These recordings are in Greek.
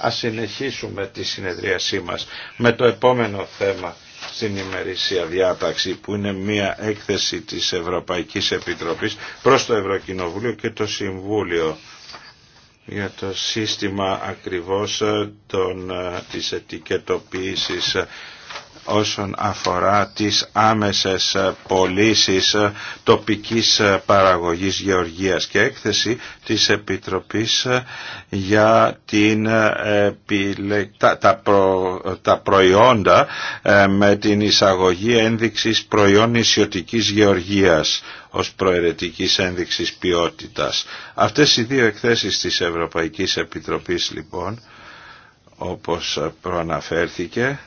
Ας συνεχίσουμε τη συνεδρίασή μας με το επόμενο θέμα στην ημερήσια διάταξη που είναι μια έκθεση της Ευρωπαϊκής Επιτροπής προς το Ευρωκοινοβούλιο και το Συμβούλιο για το σύστημα ακριβώς ε, των, ε, της ετικετοποίησης ε, όσον αφορά τις άμεσες ε, πωλήσει ε, τοπικής ε, παραγωγής γεωργίας και έκθεση της Επιτροπής για την, τα, προϊόντα με την εισαγωγή ένδειξης προϊόν ισιωτικής γεωργίας ως προαιρετικής ένδειξης ποιότητας. Αυτές οι δύο εκθέσεις της Ευρωπαϊκής Επιτροπής λοιπόν όπως προαναφέρθηκε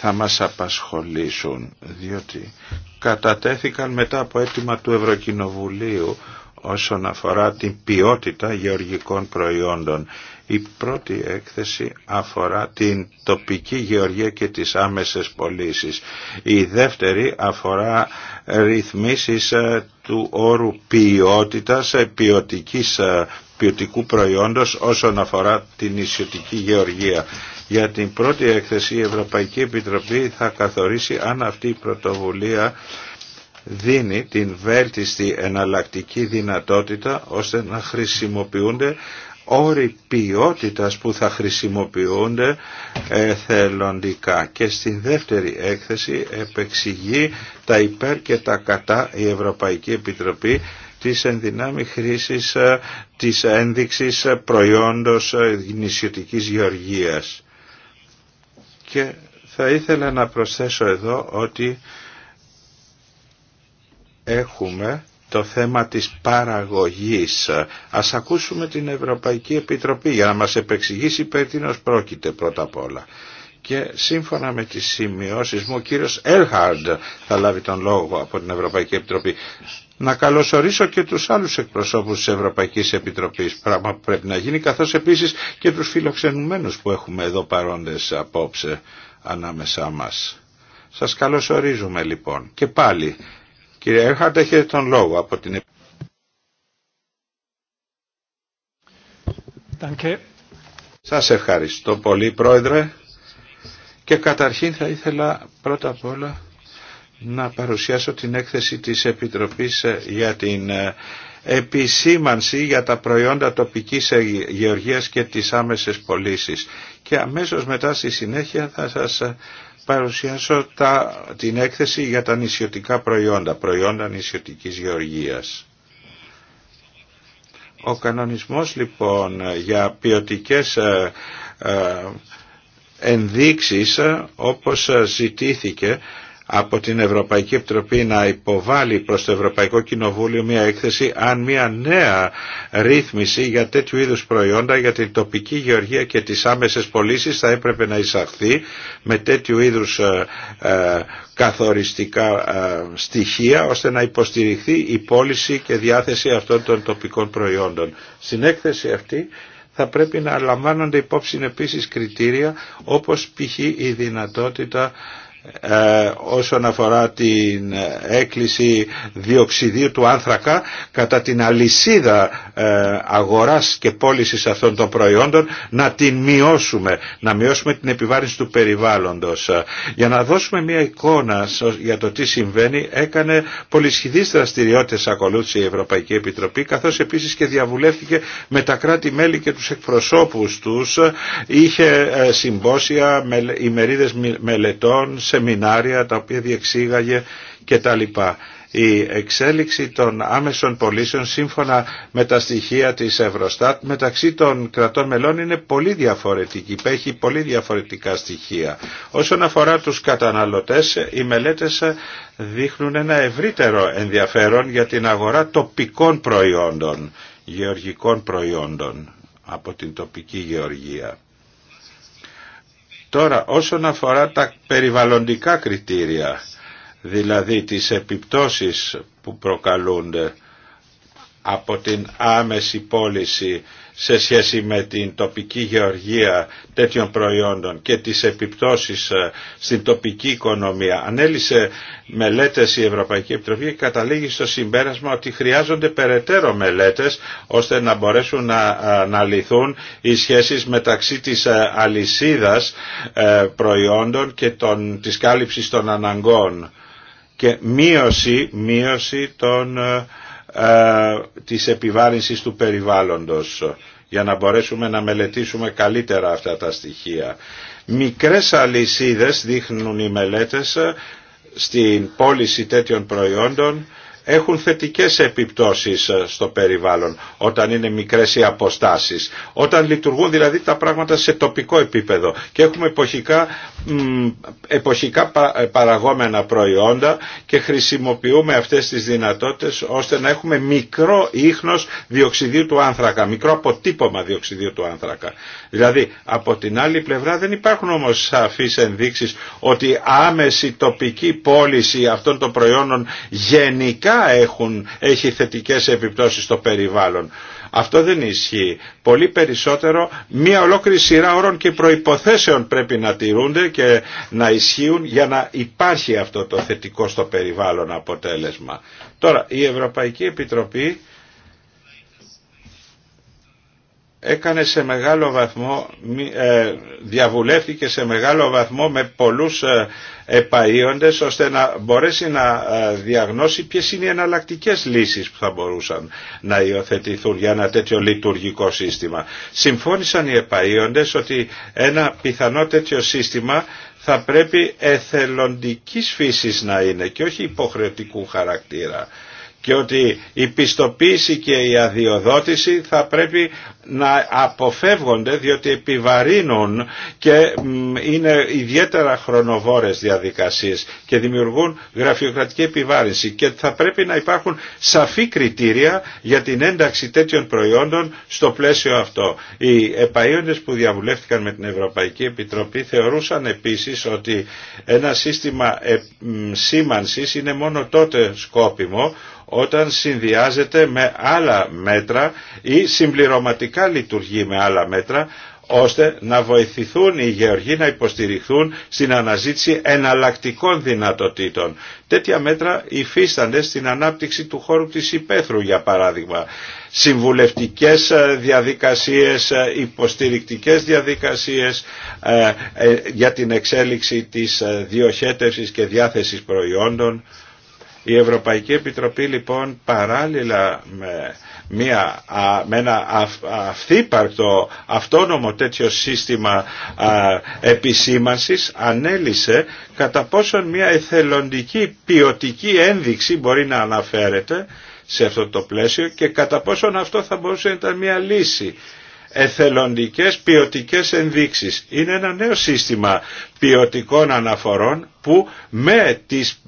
θα μας απασχολήσουν, διότι κατατέθηκαν μετά από αίτημα του Ευρωκοινοβουλίου όσον αφορά την ποιότητα γεωργικών προϊόντων. Η πρώτη έκθεση αφορά την τοπική γεωργία και τις άμεσες πωλήσει. Η δεύτερη αφορά ρυθμίσεις ε, του όρου ποιότητας, ε, ποιοτικής, ε, ποιοτικού προϊόντος όσον αφορά την ισιωτική γεωργία. Για την πρώτη έκθεση η Ευρωπαϊκή Επιτροπή θα καθορίσει αν αυτή η πρωτοβουλία δίνει την βέλτιστη εναλλακτική δυνατότητα ώστε να χρησιμοποιούνται όροι ποιότητας που θα χρησιμοποιούνται εθελοντικά. Και στην δεύτερη έκθεση επεξηγεί τα υπέρ και τα κατά η Ευρωπαϊκή Επιτροπή της ενδυνάμει χρήσης ε, της ένδειξης προϊόντος ε, νησιωτικής γεωργίας. Και θα ήθελα να προσθέσω εδώ ότι έχουμε το θέμα της παραγωγής. Ας ακούσουμε την Ευρωπαϊκή Επιτροπή για να μας επεξηγήσει περί τίνος πρόκειται πρώτα απ' όλα. Και σύμφωνα με τις σημειώσεις μου, ο κύριος Έλχαρντ θα λάβει τον λόγο από την Ευρωπαϊκή Επιτροπή. Να καλωσορίσω και τους άλλους εκπροσώπους της Ευρωπαϊκής Επιτροπής, πράγμα που πρέπει να γίνει, καθώς επίσης και τους φιλοξενουμένους που έχουμε εδώ παρόντες απόψε ανάμεσά μας. Σας καλωσορίζουμε λοιπόν και πάλι Κύριε Έρχαντ, έχετε τον λόγο από την Επιτροπή. Σας ευχαριστώ πολύ Πρόεδρε και καταρχήν θα ήθελα πρώτα απ' όλα να παρουσιάσω την έκθεση της Επιτροπής ε, για την ε, επισήμανση για τα προϊόντα τοπικής ε, γεωργίας και τις άμεσες πωλήσει. Και αμέσως μετά στη συνέχεια θα σας παρουσιάσω τα, την έκθεση για τα νησιωτικά προϊόντα, προϊόντα νησιωτικής γεωργίας. Ο κανονισμός λοιπόν για ποιοτικές ε, ε ενδείξεις ε, όπως ε, ζητήθηκε από την Ευρωπαϊκή Επιτροπή να υποβάλει προς το Ευρωπαϊκό Κοινοβούλιο μια έκθεση αν μια νέα ρύθμιση για τέτοιου είδους προϊόντα για την τοπική γεωργία και τις άμεσες πωλήσει θα έπρεπε να εισαχθεί με τέτοιου είδους ε, ε, καθοριστικά ε, στοιχεία ώστε να υποστηριχθεί η πώληση και διάθεση αυτών των τοπικών προϊόντων. Στην έκθεση αυτή θα πρέπει να λαμβάνονται υπόψη επίσης κριτήρια όπως π.χ. η δυνατότητα ε, όσον αφορά την έκκληση διοξιδίου του άνθρακα κατά την αλυσίδα ε, αγοράς και πώλησης αυτών των προϊόντων να την μειώσουμε, να μειώσουμε την επιβάρυνση του περιβάλλοντος. Για να δώσουμε μια εικόνα για το τι συμβαίνει έκανε πολυσχηδείς δραστηριότητες ακολούθησε η Ευρωπαϊκή Επιτροπή καθώς επίσης και διαβουλεύτηκε με τα κράτη-μέλη και τους εκπροσώπους τους είχε ε, συμπόσια, ημερίδες μελετών, σεμινάρια τα οποία διεξήγαγε κτλ. Η εξέλιξη των άμεσων πωλήσεων σύμφωνα με τα στοιχεία της Ευρωστάτ μεταξύ των κρατών μελών είναι πολύ διαφορετική, υπέχει πολύ διαφορετικά στοιχεία. Όσον αφορά τους καταναλωτές, οι μελέτες δείχνουν ένα ευρύτερο ενδιαφέρον για την αγορά τοπικών προϊόντων, γεωργικών προϊόντων από την τοπική γεωργία. Τώρα όσον αφορά τα περιβαλλοντικά κριτήρια, δηλαδή τις επιπτώσεις που προκαλούνται από την άμεση πώληση σε σχέση με την τοπική γεωργία τέτοιων προϊόντων και τις επιπτώσεις ε, στην τοπική οικονομία. Ανέλησε μελέτες η Ευρωπαϊκή Επιτροπή και καταλήγει στο συμπέρασμα ότι χρειάζονται περαιτέρω μελέτες ώστε να μπορέσουν να αναλυθούν ε, οι σχέσεις μεταξύ της ε, αλυσίδας προϊόντων και των, της κάλυψης των αναγκών και μείωση, μείωση των ε, της επιβάρυνσης του περιβάλλοντος για να μπορέσουμε να μελετήσουμε καλύτερα αυτά τα στοιχεία. Μικρές αλυσίδες δείχνουν οι μελέτες ε, στην πώληση τέτοιων προϊόντων έχουν θετικές επιπτώσεις ε, στο περιβάλλον όταν είναι μικρές οι αποστάσεις. Όταν λειτουργούν δηλαδή τα πράγματα σε τοπικό επίπεδο και έχουμε εποχικά, εποχικά ε, παραγόμενα προϊόντα και χρησιμοποιούμε αυτές τις δυνατότητες ώστε να έχουμε μικρό ίχνος διοξιδίου του άνθρακα, μικρό αποτύπωμα διοξιδίου του άνθρακα. Δηλαδή από την άλλη πλευρά δεν υπάρχουν όμως σαφείς ενδείξεις ότι άμεση τοπική πώληση αυτών των προϊόντων γενικά έχουν, έχει θετικές επιπτώσεις στο περιβάλλον. Αυτό δεν ισχύει. Πολύ περισσότερο μια ολόκληρη σειρά όρων και προϋποθέσεων πρέπει να τηρούνται και να ισχύουν για να υπάρχει αυτό το θετικό στο περιβάλλον αποτέλεσμα. Τώρα η Ευρωπαϊκή Επιτροπή έκανε σε μεγάλο βαθμό, ε, διαβουλεύτηκε σε μεγάλο βαθμό με πολλούς ε, επαΐοντες ώστε να μπορέσει να ε, διαγνώσει ποιες είναι οι εναλλακτικέ λύσεις που θα μπορούσαν να υιοθετηθούν για ένα τέτοιο λειτουργικό σύστημα. Συμφώνησαν οι επαΐοντες ότι ένα πιθανό τέτοιο σύστημα θα πρέπει εθελοντικής φύσης να είναι και όχι υποχρεωτικού χαρακτήρα και ότι η πιστοποίηση και η αδειοδότηση θα πρέπει να αποφεύγονται διότι επιβαρύνουν και είναι ιδιαίτερα χρονοβόρες διαδικασίες και δημιουργούν γραφειοκρατική επιβάρυνση και θα πρέπει να υπάρχουν σαφή κριτήρια για την ένταξη τέτοιων προϊόντων στο πλαίσιο αυτό. Οι επαΐοντες που διαβουλεύτηκαν με την Ευρωπαϊκή Επιτροπή θεωρούσαν επίσης ότι ένα σύστημα ε, σήμανσης είναι μόνο τότε σκόπιμο όταν συνδυάζεται με άλλα μέτρα ή συμπληρωματικά λειτουργεί με άλλα μέτρα ώστε να βοηθηθούν οι γεωργοί να υποστηριχθούν στην αναζήτηση εναλλακτικών δυνατοτήτων. Τέτοια μέτρα υφίστανται στην ανάπτυξη του χώρου της υπαίθρου για παράδειγμα. Συμβουλευτικές ε, διαδικασίες, ε, υποστηρικτικές διαδικασίες ε, για την εξέλιξη της διοχέτευσης και διάθεσης προϊόντων η Ευρωπαϊκή Επιτροπή λοιπόν παράλληλα με, μια, με ένα αυθύπαρκτο αυτόνομο τέτοιο σύστημα επισήμανσης ανέλησε κατά πόσον μια εθελοντική ποιοτική ένδειξη μπορεί να αναφέρεται σε αυτό το πλαίσιο και κατά πόσον αυτό θα μπορούσε να ήταν μια λύση εθελοντικές ποιοτικές ενδείξεις. Είναι ένα νέο σύστημα ποιοτικών αναφορών που με τις,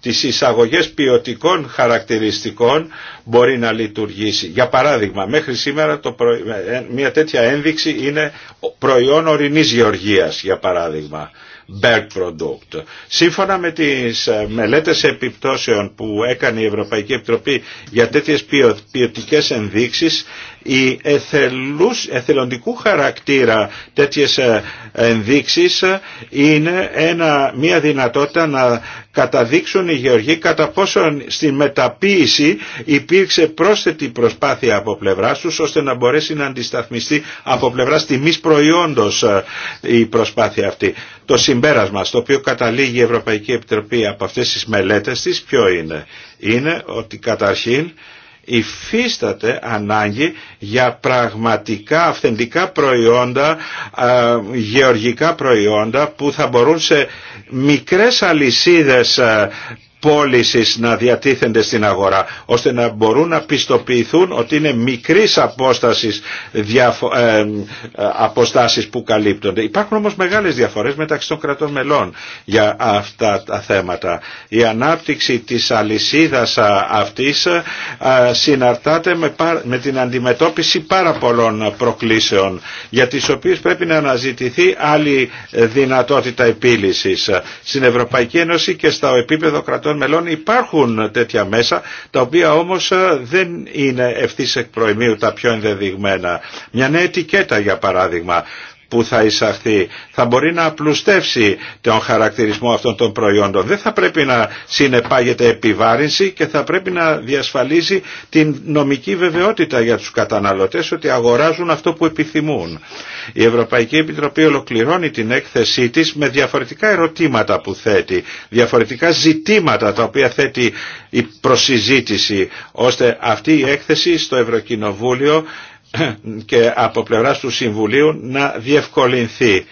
τις εισαγωγές ποιοτικών χαρακτηριστικών μπορεί να λειτουργήσει. Για παράδειγμα, μέχρι σήμερα το ε, μια τέτοια ένδειξη είναι προϊόν ορεινής γεωργίας, για παράδειγμα. Berg Product. Σύμφωνα με τις ε, μελέτες επιπτώσεων που έκανε η Ευρωπαϊκή Επιτροπή για τέτοιες ποιοτικές ενδείξεις, οι εθελούς, εθελοντικού χαρακτήρα τέτοιες ε, ενδείξεις ε, είναι ένα, μια δυνατότητα να καταδείξουν οι γεωργοί κατά πόσον στην μεταποίηση υπήρξε πρόσθετη προσπάθεια από πλευρά του ώστε να μπορέσει να αντισταθμιστεί από πλευρά τιμή προϊόντος ε, η προσπάθεια αυτή. Το συμπέρασμα στο οποίο καταλήγει η Ευρωπαϊκή Επιτροπή από αυτές τις μελέτες τη ποιο είναι. Είναι ότι καταρχήν υφίσταται ανάγκη για πραγματικά αυθεντικά προϊόντα, γεωργικά προϊόντα που θα μπορούν σε μικρές αλυσίδες να διατίθενται στην αγορά, ώστε να μπορούν να πιστοποιηθούν ότι είναι μικρής απόστασης διαφο ε, ε, αποστάσεις που καλύπτονται. Υπάρχουν όμως μεγάλες διαφορές μεταξύ των κρατών μελών για αυτά τα θέματα. Η ανάπτυξη της αλυσίδας αυτής συναρτάται με, την αντιμετώπιση πάρα πολλών προκλήσεων για τις οποίες πρέπει να αναζητηθεί άλλη δυνατότητα επίλυσης ε, στην Ευρωπαϊκή Ένωση και στα επίπεδο κρατών μελών υπάρχουν τέτοια μέσα τα οποία όμως ε, δεν είναι ευθύ εκ προημίου τα πιο ενδεδειγμένα. Μια νέα ετικέτα για παράδειγμα που θα εισαχθεί θα μπορεί να απλουστεύσει τον χαρακτηρισμό αυτών των προϊόντων. Δεν θα πρέπει να συνεπάγεται επιβάρυνση και θα πρέπει να διασφαλίζει την νομική βεβαιότητα για τους καταναλωτές ότι αγοράζουν αυτό που επιθυμούν. Η Ευρωπαϊκή Επιτροπή ολοκληρώνει την έκθεσή της με διαφορετικά ερωτήματα που θέτει, διαφορετικά ζητήματα τα οποία θέτει η προσυζήτηση, ώστε αυτή η έκθεση στο Ευρωκοινοβούλιο και από πλευράς του Συμβουλίου να διευκολυνθεί.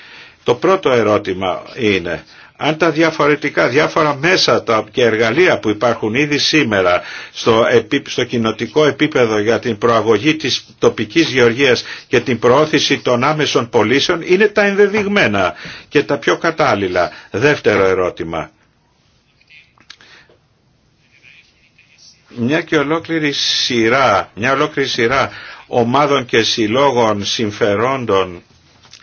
Το πρώτο ερώτημα είναι αν τα διαφορετικά, διάφορα μέσα τα και εργαλεία που υπάρχουν ήδη σήμερα στο, επί, στο κοινοτικό επίπεδο για την προαγωγή της τοπικής γεωργίας και την προώθηση των άμεσων πωλήσεων είναι τα ενδεδειγμένα και τα πιο κατάλληλα. Δεύτερο ερώτημα. Μια και ολόκληρη σειρά, μια ολόκληρη σειρά ομάδων και συλλόγων συμφερόντων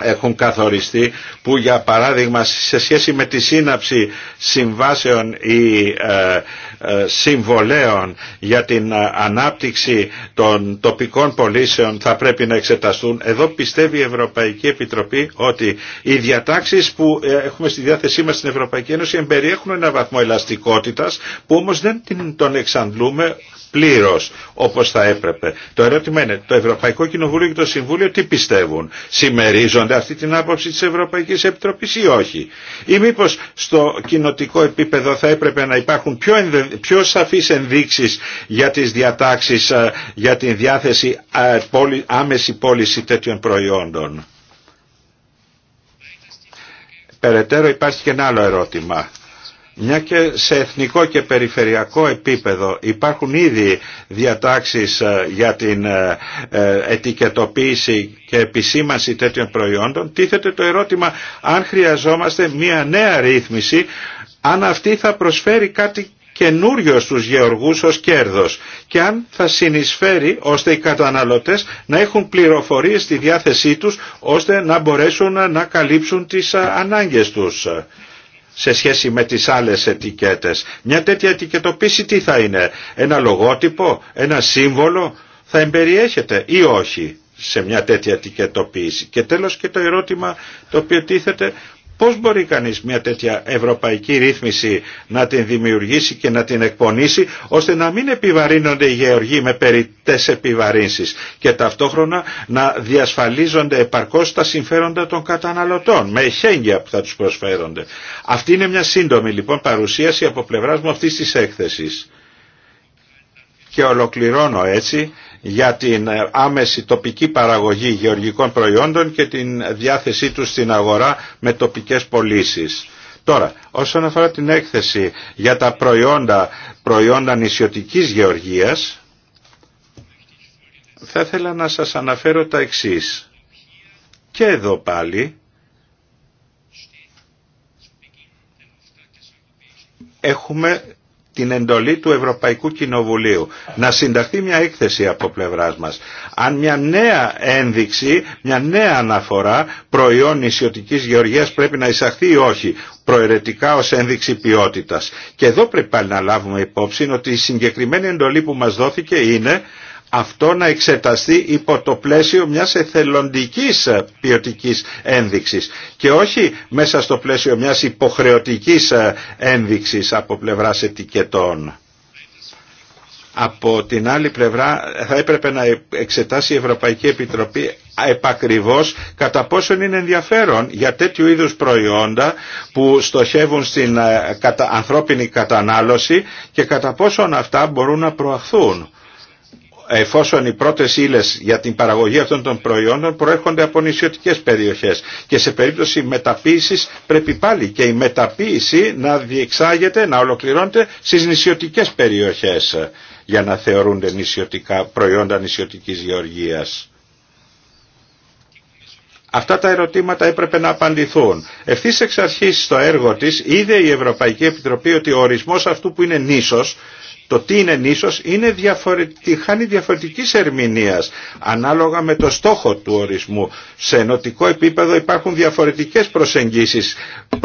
έχουν καθοριστεί που για παράδειγμα σε σχέση με τη σύναψη συμβάσεων ή ε, ε, συμβολέων για την ε, ανάπτυξη των τοπικών πολίσεων θα πρέπει να εξεταστούν. Εδώ πιστεύει η Ευρωπαϊκή Επιτροπή ότι οι διατάξεις που έχουμε στη διάθεσή μας στην Ευρωπαϊκή Ένωση εμπεριέχουν ένα βαθμό ελαστικότητας που όμως δεν τον εξαντλούμε πλήρως όπως θα έπρεπε. Το ερώτημα είναι το Ευρωπαϊκό Κοινοβούλιο και το Συμβούλιο τι πιστεύουν. Συμμερίζονται αυτή την άποψη της Ευρωπαϊκής Επιτροπής ή όχι. Ή μήπως στο κοινοτικό επίπεδο θα έπρεπε να υπάρχουν πιο, πιο σαφείς ενδείξεις για τις διατάξεις ε, για την διάθεση ε, άμεση πώληση τέτοιων προϊόντων. Περαιτέρω υπάρχει και ένα άλλο ερώτημα μια και σε εθνικό και περιφερειακό επίπεδο υπάρχουν ήδη διατάξεις ε, για την ε, ε, ετικετοποίηση και επισήμανση τέτοιων προϊόντων, τίθεται το ερώτημα αν χρειαζόμαστε μια νέα ρύθμιση, αν αυτή θα προσφέρει κάτι καινούριο στους γεωργούς ως κέρδος και αν θα συνεισφέρει ώστε οι καταναλωτές να έχουν πληροφορίες στη διάθεσή τους ώστε να μπορέσουν να καλύψουν τις ανάγκες τους σε σχέση με τις άλλες ετικέτες. Μια τέτοια ετικετοποίηση τι θα είναι, ένα λογότυπο, ένα σύμβολο, θα εμπεριέχεται ή όχι σε μια τέτοια ετικετοποίηση. Και τέλος και το ερώτημα το οποίο τίθεται Πώς μπορεί κανείς μια τέτοια ευρωπαϊκή ρύθμιση να την δημιουργήσει και να την εκπονήσει ώστε να μην επιβαρύνονται οι γεωργοί με περιττές επιβαρύνσεις και ταυτόχρονα να διασφαλίζονται επαρκώς τα συμφέροντα των καταναλωτών με εχέγγυα που θα τους προσφέρονται. Αυτή είναι μια σύντομη λοιπόν παρουσίαση από πλευράς μου αυτής της έκθεσης. Και ολοκληρώνω έτσι για την ε, άμεση τοπική παραγωγή γεωργικών προϊόντων και την διάθεσή τους στην αγορά με τοπικές πωλήσει. Τώρα, όσον αφορά την έκθεση για τα προϊόντα, προϊόντα νησιωτικής γεωργίας, θα ήθελα να σας αναφέρω τα εξής. Και εδώ πάλι έχουμε την εντολή του Ευρωπαϊκού Κοινοβουλίου να συνταχθεί μια έκθεση από πλευράς μας. Αν μια νέα ένδειξη, μια νέα αναφορά προϊόν νησιωτικής γεωργίας πρέπει να εισαχθεί ή όχι, προαιρετικά ως ένδειξη ποιότητας. Και εδώ πρέπει πάλι να λάβουμε υπόψη ότι η συγκεκριμένη εντολή που μας δόθηκε είναι αυτό να εξεταστεί υπό το πλαίσιο μιας εθελοντικής ποιοτικής ένδειξης και όχι μέσα στο πλαίσιο μιας υποχρεωτικής ένδειξης από πλευράς ετικετών. Από την άλλη πλευρά θα έπρεπε να εξετάσει η Ευρωπαϊκή Επιτροπή επακριβώς κατά πόσον είναι ενδιαφέρον για τέτοιου είδους προϊόντα που στοχεύουν στην ε, ανθρώπινη κατανάλωση και κατά πόσον αυτά μπορούν να προαχθούν εφόσον οι πρώτες ύλες για την παραγωγή αυτών των προϊόντων προέρχονται από νησιωτικές περιοχές και σε περίπτωση μεταποίησης πρέπει πάλι και η μεταποίηση να διεξάγεται, να ολοκληρώνεται στις νησιωτικές περιοχές για να θεωρούνται νησιωτικά, προϊόντα νησιωτικής γεωργίας. Αυτά τα ερωτήματα έπρεπε να απαντηθούν. Ευθύ εξ αρχή στο έργο τη είδε η Ευρωπαϊκή Επιτροπή ότι ο ορισμό αυτού που είναι νήσος το τι είναι νήσος είναι διαφορετική, χάνει διαφορετικής ερμηνείας ανάλογα με το στόχο του ορισμού. Σε ενωτικό επίπεδο υπάρχουν διαφορετικές προσεγγίσεις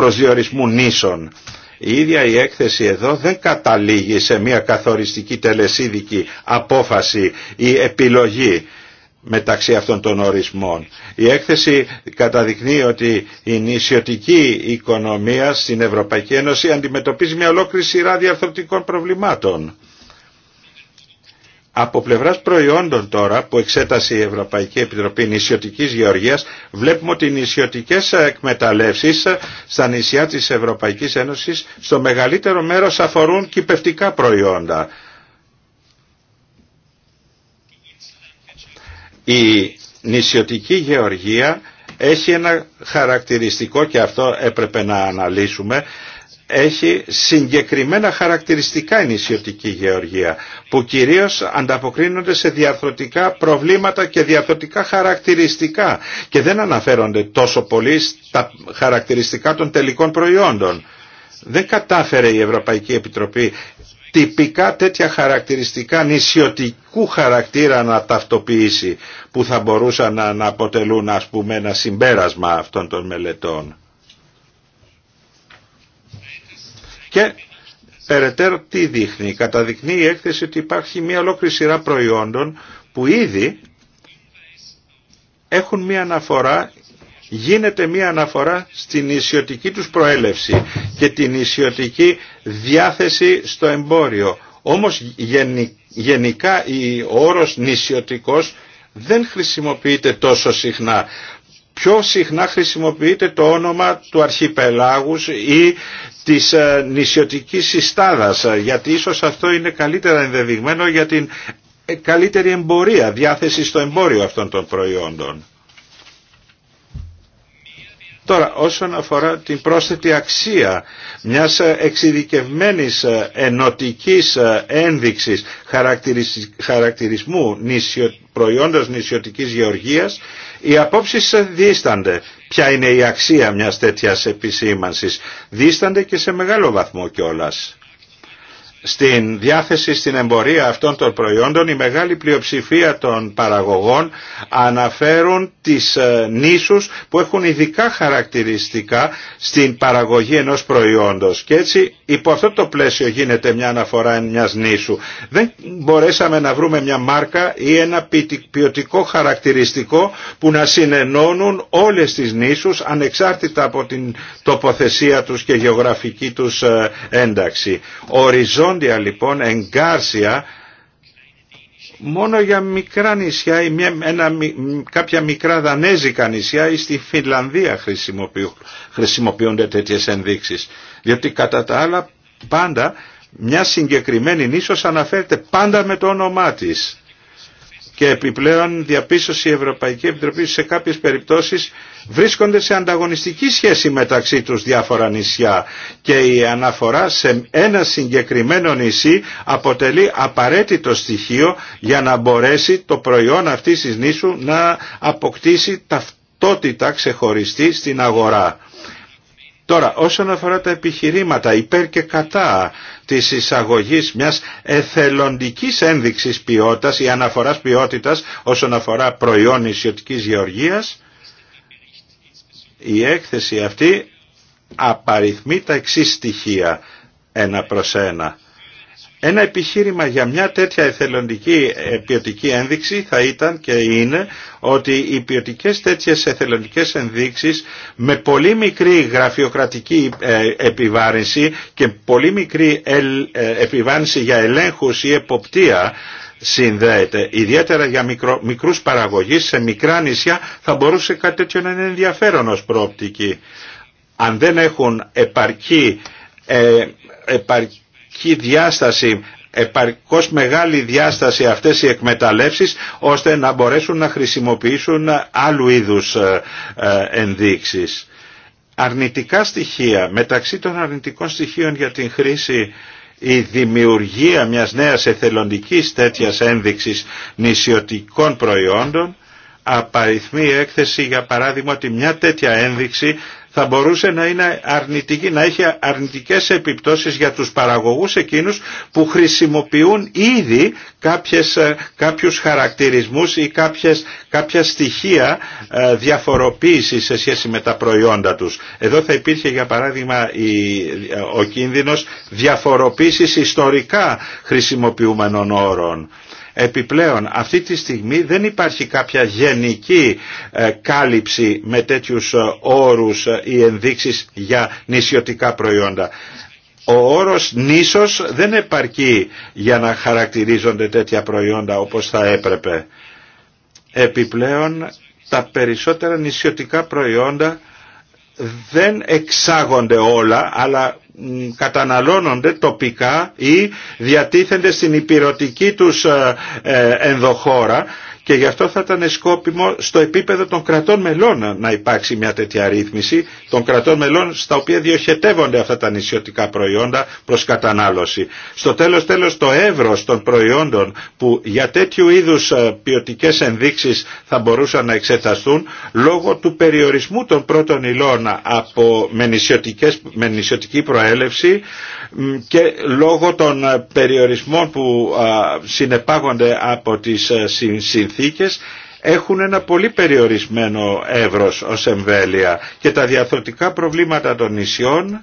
διορισμού νήσων. Η ίδια η έκθεση εδώ δεν καταλήγει σε μια καθοριστική τελεσίδικη απόφαση ή επιλογή μεταξύ αυτών των ορισμών. Η έκθεση καταδεικνύει ότι η νησιωτική οικονομία στην Ευρωπαϊκή Ένωση αντιμετωπίζει μια ολόκληρη σειρά διαρθρωτικών προβλημάτων. Από πλευράς προϊόντων τώρα που εξέτασε η Ευρωπαϊκή Επιτροπή Νησιωτικής Γεωργίας βλέπουμε ότι οι νησιωτικές εκμεταλλεύσεις στα νησιά της Ευρωπαϊκής Ένωσης στο μεγαλύτερο μέρος αφορούν κυπευτικά προϊόντα Η νησιωτική γεωργία έχει ένα χαρακτηριστικό και αυτό έπρεπε να αναλύσουμε έχει συγκεκριμένα χαρακτηριστικά η νησιωτική γεωργία που κυρίως ανταποκρίνονται σε διαρθρωτικά προβλήματα και διαρθρωτικά χαρακτηριστικά και δεν αναφέρονται τόσο πολύ στα χαρακτηριστικά των τελικών προϊόντων. Δεν κατάφερε η Ευρωπαϊκή Επιτροπή τυπικά τέτοια χαρακτηριστικά νησιωτικού χαρακτήρα να ταυτοποιήσει που θα μπορούσαν να, να αποτελούν ας πούμε ένα συμπέρασμα αυτών των μελετών. Και περαιτέρω τι δείχνει. Καταδεικνύει η έκθεση ότι υπάρχει μια ολόκληρη σειρά προϊόντων που ήδη έχουν μια αναφορά γίνεται μία αναφορά στην νησιωτική τους προέλευση και την νησιωτική διάθεση στο εμπόριο. Όμως γενικά ο όρος νησιωτικός δεν χρησιμοποιείται τόσο συχνά. Πιο συχνά χρησιμοποιείται το όνομα του αρχιπελάγους ή της ε, νησιωτικής συστάδας, ε, γιατί ίσως αυτό είναι καλύτερα ενδεδειγμένο για την ε, καλύτερη εμπορία, διάθεση στο εμπόριο αυτών των προϊόντων. Τώρα, όσον αφορά την πρόσθετη αξία μιας εξειδικευμένης ε, ενωτικής ε, ένδειξης χαρακτηρισμού νησιο, προϊόντος νησιωτικής γεωργίας, οι απόψεις δίστανται ποια είναι η αξία μιας τέτοιας επισήμανσης. Δίστανται και σε μεγάλο βαθμό κιόλας στην διάθεση στην εμπορία αυτών των προϊόντων η μεγάλη πλειοψηφία των παραγωγών αναφέρουν τις ε, νήσους που έχουν ειδικά χαρακτηριστικά στην παραγωγή ενός προϊόντος και έτσι υπό αυτό το πλαίσιο γίνεται μια αναφορά μιας νήσου. Δεν μπορέσαμε να βρούμε μια μάρκα ή ένα ποιοτικό χαρακτηριστικό που να συνενώνουν όλες τις νήσους ανεξάρτητα από την τοποθεσία τους και γεωγραφική τους ε, ένταξη. Οριζόν οριζόντια λοιπόν εγκάρσια μόνο για μικρά νησιά ή μια, ένα, κάποια μικρά δανέζικα νησιά ή στη Φινλανδία χρησιμοποιούνται τέτοιες ενδείξεις. Διότι κατά τα άλλα πάντα μια συγκεκριμένη νήσος αναφέρεται πάντα με το όνομά της και επιπλέον διαπίστωση η Ευρωπαϊκή Επιτροπή σε κάποιες περιπτώσεις βρίσκονται σε ανταγωνιστική σχέση μεταξύ τους διάφορα νησιά και η αναφορά σε ένα συγκεκριμένο νησί αποτελεί απαραίτητο στοιχείο για να μπορέσει το προϊόν αυτής της νήσου να αποκτήσει ταυτότητα ξεχωριστή στην αγορά. Τώρα, όσον αφορά τα επιχειρήματα υπέρ και κατά της εισαγωγής μιας εθελοντικής ένδειξης ποιότητας ή αναφοράς ποιότητας όσον αφορά προϊόν ισιωτικής γεωργίας, η έκθεση αυτή απαριθμεί τα εξής στοιχεία ένα προς ένα. Ένα επιχείρημα για μια τέτοια εθελοντική ε, ποιοτική ένδειξη θα ήταν και είναι ότι οι ποιοτικέ τέτοιε εθελοντικέ ενδείξει με πολύ μικρή γραφειοκρατική ε, επιβάρυνση και πολύ μικρή ε, επιβάρυνση για ελέγχου ή εποπτεία συνδέεται. Ιδιαίτερα για μικρο, μικρούς παραγωγείς σε μικρά νησιά θα μπορούσε κάτι τέτοιο να είναι ενδιαφέρον ως προοπτική. Αν δεν έχουν επαρκή, επαρκή επαρκή διάσταση επαρκώς μεγάλη διάσταση αυτές οι εκμεταλλεύσεις ώστε να μπορέσουν να χρησιμοποιήσουν άλλου είδους ε, ε, ενδείξεις. Αρνητικά στοιχεία, μεταξύ των αρνητικών στοιχείων για την χρήση η δημιουργία μιας νέας εθελοντικής τέτοιας ένδειξης νησιωτικών προϊόντων απαριθμεί έκθεση για παράδειγμα ότι μια τέτοια ένδειξη θα μπορούσε να, είναι αρνητική, να έχει αρνητικές επιπτώσεις για τους παραγωγούς εκείνους που χρησιμοποιούν ήδη κάποιες, ε, κάποιους χαρακτηρισμούς ή κάποιες, κάποια στοιχεία ε, διαφοροποίησης σε σχέση με τα προϊόντα τους. Εδώ θα υπήρχε για παράδειγμα η, ε, ο κίνδυνος διαφοροποίησης ιστορικά χρησιμοποιούμενων όρων Επιπλέον, αυτή τη στιγμή δεν υπάρχει κάποια γενική ε, κάλυψη με τέτοιους ε, όρους ε, ή ενδείξεις για νησιωτικά προϊόντα. Ο όρος νήσος δεν επαρκεί για να χαρακτηρίζονται τέτοια προϊόντα όπως θα έπρεπε. Επιπλέον, τα περισσότερα νησιωτικά προϊόντα δεν εξάγονται όλα, αλλά καταναλώνονται τοπικά ή διατίθενται στην υπηρετική τους ε, ε, ενδοχώρα και γι' αυτό θα ήταν σκόπιμο στο επίπεδο των κρατών μελών να υπάρξει μια τέτοια αρρύθμιση, των κρατών μελών στα οποία διοχετεύονται αυτά τα νησιωτικά προϊόντα προς κατανάλωση. Στο τέλος τέλος το εύρος των προϊόντων που για τέτοιου είδους ε, ποιοτικέ ενδείξεις θα μπορούσαν να εξεταστούν λόγω του περιορισμού των πρώτων υλών από, με, με νησιωτική προέλευση και λόγω των ε, περιορισμών που συνεπάγονται από τις ε, συνθήκες συνθήκες έχουν ένα πολύ περιορισμένο εύρος ως εμβέλεια και τα διαθωτικά προβλήματα των νησιών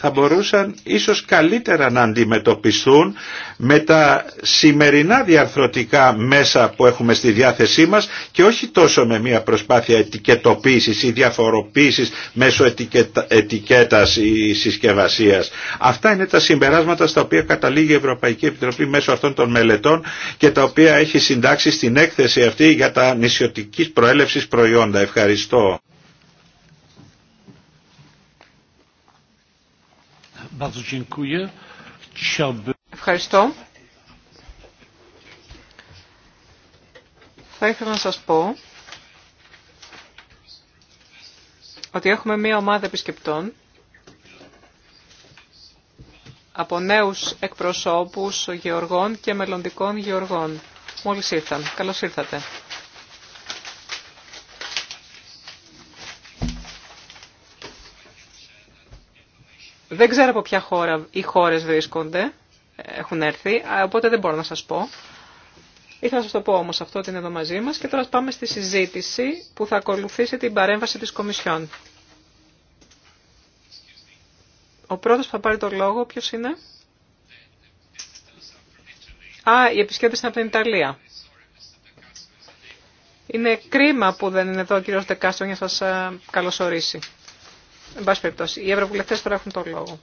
θα μπορούσαν ίσως καλύτερα να αντιμετωπιστούν με τα σημερινά διαρθρωτικά μέσα που έχουμε στη διάθεσή μας και όχι τόσο με μια προσπάθεια ετικετοποίησης ή διαφοροποίησης μέσω ετικετα, ετικέτας ή συσκευασίας. Αυτά είναι τα συμπεράσματα στα οποία καταλήγει η Ευρωπαϊκή Επιτροπή μέσω αυτών των μελετών και τα οποία έχει συντάξει στην έκθεση αυτή για τα νησιωτικής προέλευσης προϊόντα. Ευχαριστώ. Ευχαριστώ. Θα ήθελα να σας πω ότι έχουμε μία ομάδα επισκεπτών από νέους εκπροσώπους γεωργών και μελλοντικών γεωργών. Μόλις ήρθαν. Καλώς ήρθατε. Δεν ξέρω από ποια χώρα οι χώρες βρίσκονται, έχουν έρθει, οπότε δεν μπορώ να σας πω. Ήθελα να σας το πω όμως αυτό ότι είναι εδώ μαζί μα. και τώρα πάμε στη συζήτηση που θα ακολουθήσει την παρέμβαση της Κομισιόν. Ο πρώτο που θα πάρει το λόγο, Ποιο είναι? Α, οι επισκέπτε είναι από την Ιταλία. Είναι κρίμα που δεν είναι εδώ ο κύριο Δεκάστρο για να σα ε, καλωσορίσει. Εν πάση περιπτώσει, οι ευρωβουλευτέ τώρα έχουν τον λόγο.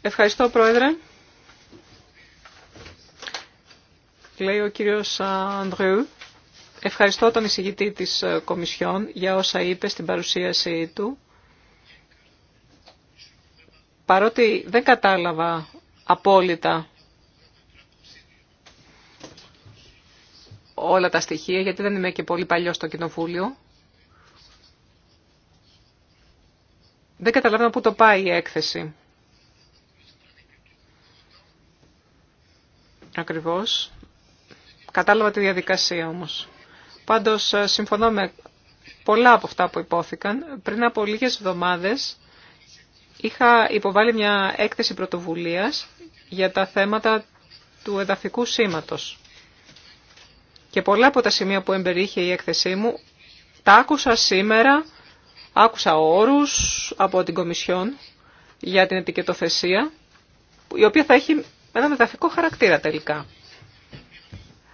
Ευχαριστώ, Πρόεδρε. Λέει ο κύριος Ανδρεού. Ευχαριστώ τον εισηγητή της Κομισιόν για όσα είπε στην παρουσίαση του. Παρότι δεν κατάλαβα απόλυτα όλα τα στοιχεία, γιατί δεν είμαι και πολύ παλιό στο κοινοβούλιο. Δεν καταλαβαίνω πού το πάει η έκθεση. Ακριβώς. Κατάλαβα τη διαδικασία όμως. Πάντως ε, συμφωνώ με πολλά από αυτά που υπόθηκαν. Πριν από λίγες εβδομάδες είχα υποβάλει μια έκθεση πρωτοβουλίας για τα θέματα του εδαφικού σήματος. Και πολλά από τα σημεία που εμπεριείχε η έκθεσή μου τα άκουσα σήμερα, άκουσα όρους από την Κομισιόν για την ετικετοθεσία, η οποία θα έχει ένα μεταφικό χαρακτήρα τελικά.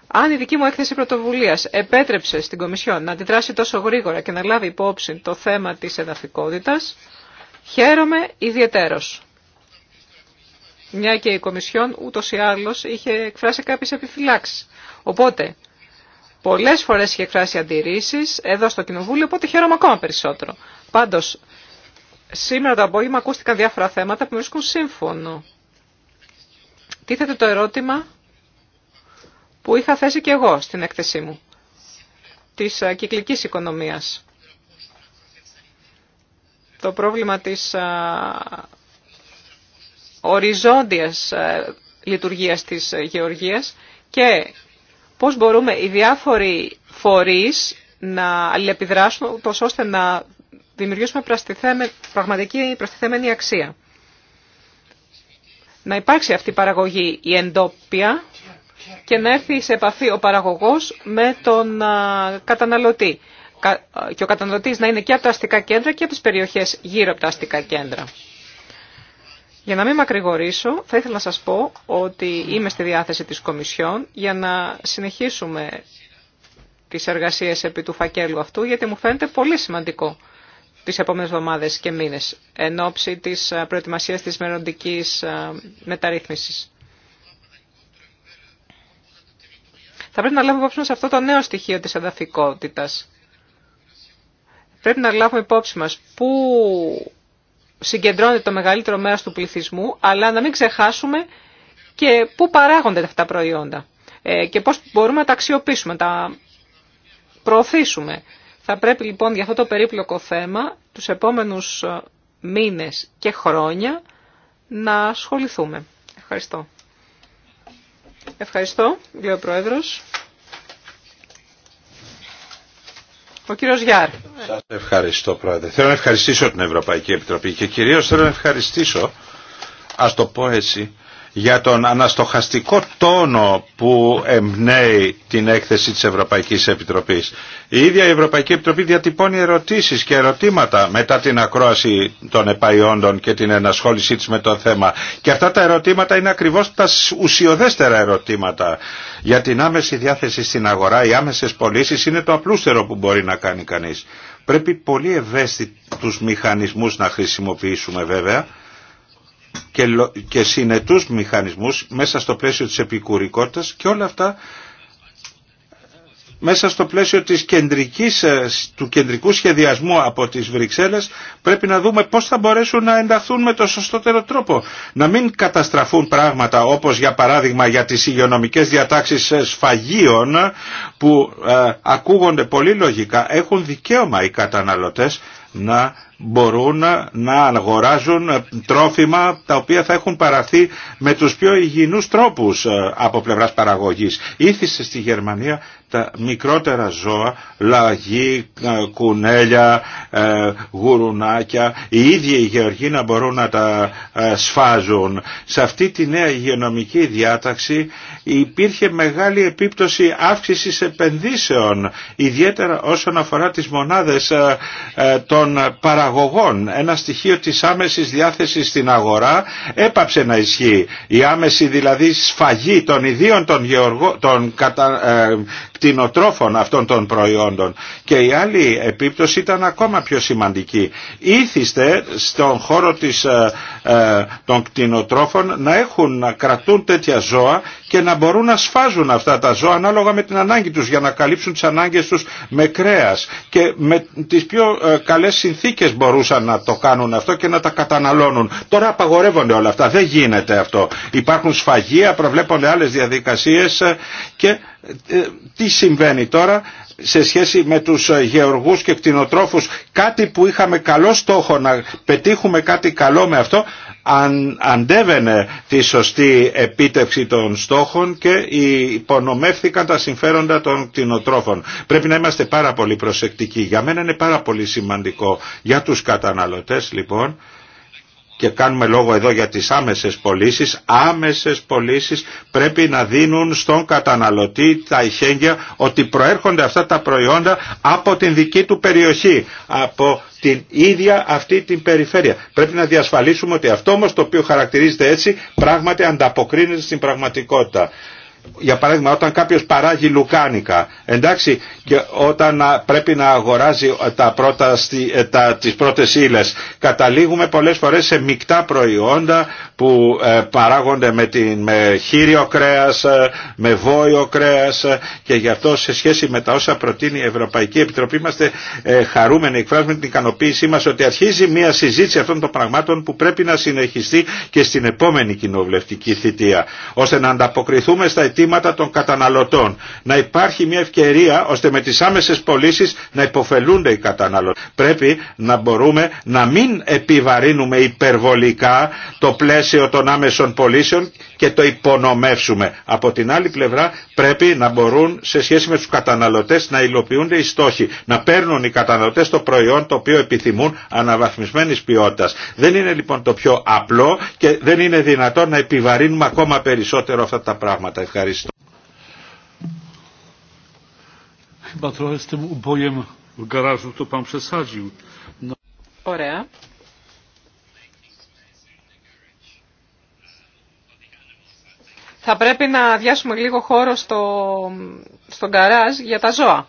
Αν η δική μου έκθεση πρωτοβουλία επέτρεψε στην Κομισιόν να αντιδράσει τόσο γρήγορα και να λάβει υπόψη το θέμα τη εδαφικότητα, χαίρομαι ιδιαίτερω. Μια και η Κομισιόν ούτω ή άλλω είχε εκφράσει κάποιε επιφυλάξει. Οπότε, Πολλές φορές έχει εκφράσει αντιρρήσεις εδώ στο Κοινοβούλιο, οπότε χαίρομαι ακόμα περισσότερο. Πάντως, σήμερα το απόγευμα ακούστηκαν διάφορα θέματα που βρίσκουν σύμφωνο. Τίθεται το ερώτημα που είχα θέσει και εγώ στην έκθεσή μου, της ε, κυκλικής οικονομίας. Το πρόβλημα της ε, οριζόντιας ε, λειτουργίας της γεωργίας και πώς μπορούμε οι διάφοροι φορείς να αλληλεπιδράσουν, ώστε να δημιουργήσουμε πραγματική προστιθέμενη αξία. Να υπάρξει αυτή η παραγωγή η εντόπια και να έρθει σε επαφή ο παραγωγός με τον καταναλωτή. Και ο καταναλωτής να είναι και από τα αστικά κέντρα και από τις περιοχές γύρω από τα αστικά κέντρα. Για να μην μακρηγορήσω, θα ήθελα να σας πω ότι είμαι στη διάθεση της Κομισιόν για να συνεχίσουμε τις εργασίες επί του φακέλου αυτού, γιατί μου φαίνεται πολύ σημαντικό τις επόμενες εβδομάδες και μήνες, εν ώψη της ε, προετοιμασίας της μεροντικής ε, μεταρρύθμισης. Θα πρέπει να λάβουμε υπόψη μας αυτό το νέο στοιχείο της εδαφικότητας. Πρέπει να λάβουμε υπόψη μας πού συγκεντρώνεται το μεγαλύτερο μέρος του πληθυσμού, αλλά να μην ξεχάσουμε και πού παράγονται αυτά τα προϊόντα ε, και πώς μπορούμε να τα αξιοποιήσουμε, να τα προωθήσουμε. Θα πρέπει λοιπόν για αυτό το περίπλοκο θέμα τους επόμενους ε, μήνες και χρόνια να ασχοληθούμε. Ευχαριστώ. Ευχαριστώ, λέει ο Πρόεδρος. Ο κύριος Γιάρ. Σας ευχαριστώ πρόεδρε. Θέλω να ευχαριστήσω την Ευρωπαϊκή Επιτροπή και κυρίως θέλω να ευχαριστήσω, ας το πω έτσι, για τον αναστοχαστικό τόνο που εμπνέει την έκθεση της Ευρωπαϊκής Επιτροπής. Η ίδια η Ευρωπαϊκή Επιτροπή διατυπώνει ερωτήσεις και ερωτήματα μετά την ακρόαση των επαϊόντων και την ενασχόλησή της με το θέμα. Και αυτά τα ερωτήματα είναι ακριβώς τα ουσιοδέστερα ερωτήματα. Για την άμεση διάθεση στην αγορά, οι άμεσες πωλήσει είναι το απλούστερο που μπορεί να κάνει κανείς. Πρέπει πολύ ευαίσθητους μηχανισμούς να χρησιμοποιήσουμε βέβαια και συνετούς μηχανισμούς μέσα στο πλαίσιο της επικουρικότητας και όλα αυτά μέσα στο πλαίσιο της ε, του κεντρικού σχεδιασμού από τις Βρυξέλλες πρέπει να δούμε πώς θα μπορέσουν να ενταχθούν με το σωστότερο τρόπο. Να μην καταστραφούν πράγματα όπως για παράδειγμα για τις υγειονομικές διατάξεις ε, σφαγίων που ε, ακούγονται πολύ λογικά. Έχουν δικαίωμα οι καταναλωτές να μπορούν να αγοράζουν ε, τρόφιμα τα οποία θα έχουν παραθεί με τους πιο υγιεινούς τρόπους ε, από πλευράς παραγωγής. Ήθισε στη Γερμανία τα μικρότερα ζώα, λαγί, ε, κουνέλια, ε, γουρουνάκια, οι ίδιοι οι γεωργοί να μπορούν να τα ε, σφάζουν. Σε αυτή τη νέα υγειονομική διάταξη υπήρχε μεγάλη επίπτωση αύξησης επενδύσεων, ιδιαίτερα όσον αφορά τις μονάδες των παραγωγών. Ένα στοιχείο της άμεσης διάθεσης στην αγορά έπαψε να ισχύει. Η άμεση δηλαδή σφαγή των ιδίων των, γεωργών, κτηνοτρόφων αυτών των προϊόντων. Και η άλλη επίπτωση ήταν ακόμα πιο σημαντική. Ήθιστε στον χώρο της, ε, ε, των κτηνοτρόφων να έχουν να κρατούν τέτοια ζώα και να μπορούν να σφάζουν αυτά τα ζώα ανάλογα με την ανάγκη τους για να καλύψουν τις ανάγκες τους με κρέας και με τις πιο ε, καλές συνθήκες μπορούσαν να το κάνουν αυτό και να τα καταναλώνουν. Τώρα απαγορεύονται όλα αυτά, δεν γίνεται αυτό. Υπάρχουν σφαγεία, προβλέπονται άλλες διαδικασίες ε, και ε, τι συμβαίνει τώρα σε σχέση με τους γεωργούς και κτηνοτρόφους κάτι που είχαμε καλό στόχο να πετύχουμε κάτι καλό με αυτό αν αντέβαινε τη σωστή επίτευξη των στόχων και υπονομεύθηκαν τα συμφέροντα των κτηνοτρόφων. Πρέπει να είμαστε πάρα πολύ προσεκτικοί. Για μένα είναι πάρα πολύ σημαντικό για τους καταναλωτές λοιπόν και κάνουμε λόγο εδώ για τις άμεσες πωλήσει. άμεσες πωλήσει πρέπει να δίνουν στον καταναλωτή τα ηχέγγια ότι προέρχονται αυτά τα προϊόντα από την δική του περιοχή, από την ίδια αυτή την περιφέρεια. Πρέπει να διασφαλίσουμε ότι αυτό όμως το οποίο χαρακτηρίζεται έτσι πράγματι ανταποκρίνεται στην πραγματικότητα για παράδειγμα όταν κάποιος παράγει λουκάνικα εντάξει και όταν πρέπει να αγοράζει τα πρώτα, ε, τα, τις πρώτες ύλες καταλήγουμε πολλές φορές σε μεικτά προϊόντα που ε, παράγονται με, την, με χείριο κρέας, ε, με βόηο κρέας και γι' αυτό σε σχέση με τα όσα προτείνει η Ευρωπαϊκή Επιτροπή είμαστε χαρούμενοι, εκφράζουμε την ικανοποίησή μας ότι αρχίζει μια συζήτηση αυτών των πραγμάτων που πρέπει να συνεχιστεί και στην επόμενη κοινοβουλευτική θητεία ώστε να ανταποκριθούμε στα αιτήματα των καταναλωτών. Να υπάρχει μια ευκαιρία ώστε με τις άμεσες πωλήσει να υποφελούνται οι καταναλωτές. Πρέπει να μπορούμε να μην επιβαρύνουμε υπερβολικά το πλαίσιο των άμεσων πωλήσεων και το υπονομεύσουμε. Από την άλλη πλευρά πρέπει να μπορούν σε σχέση με τους καταναλωτές να υλοποιούνται οι στόχοι, να παίρνουν οι καταναλωτές το προϊόν το οποίο επιθυμούν αναβαθμισμένης ποιότητας. Δεν είναι λοιπόν το πιο απλό και δεν είναι δυνατόν να επιβαρύνουμε ακόμα περισσότερο αυτά τα πράγματα. Ευχαριστώ. Ωραία. θα πρέπει να αδειάσουμε λίγο χώρο στο, στον καράζ για τα ζώα.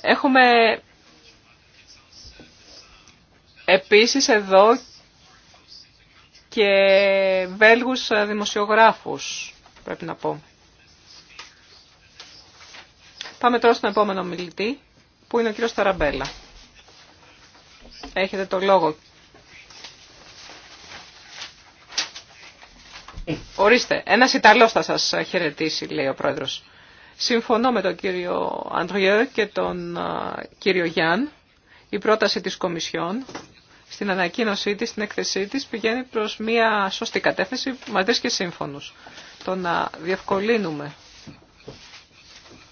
Έχουμε επίσης εδώ και Βέλγους δημοσιογράφους, πρέπει να πω. Πάμε τώρα στον επόμενο μιλητή, που είναι ο κύριος Ταραμπέλα. Έχετε το λόγο Ορίστε, ένας Ιταλός θα σας χαιρετήσει, λέει ο πρόεδρος. Συμφωνώ με τον κύριο Αντριέ και τον κύριο Γιάν. Η πρόταση της Κομισιόν στην ανακοίνωσή της, στην έκθεσή της, πηγαίνει προς μια σωστή κατεύθυνση μαζί και σύμφωνους. Το να διευκολύνουμε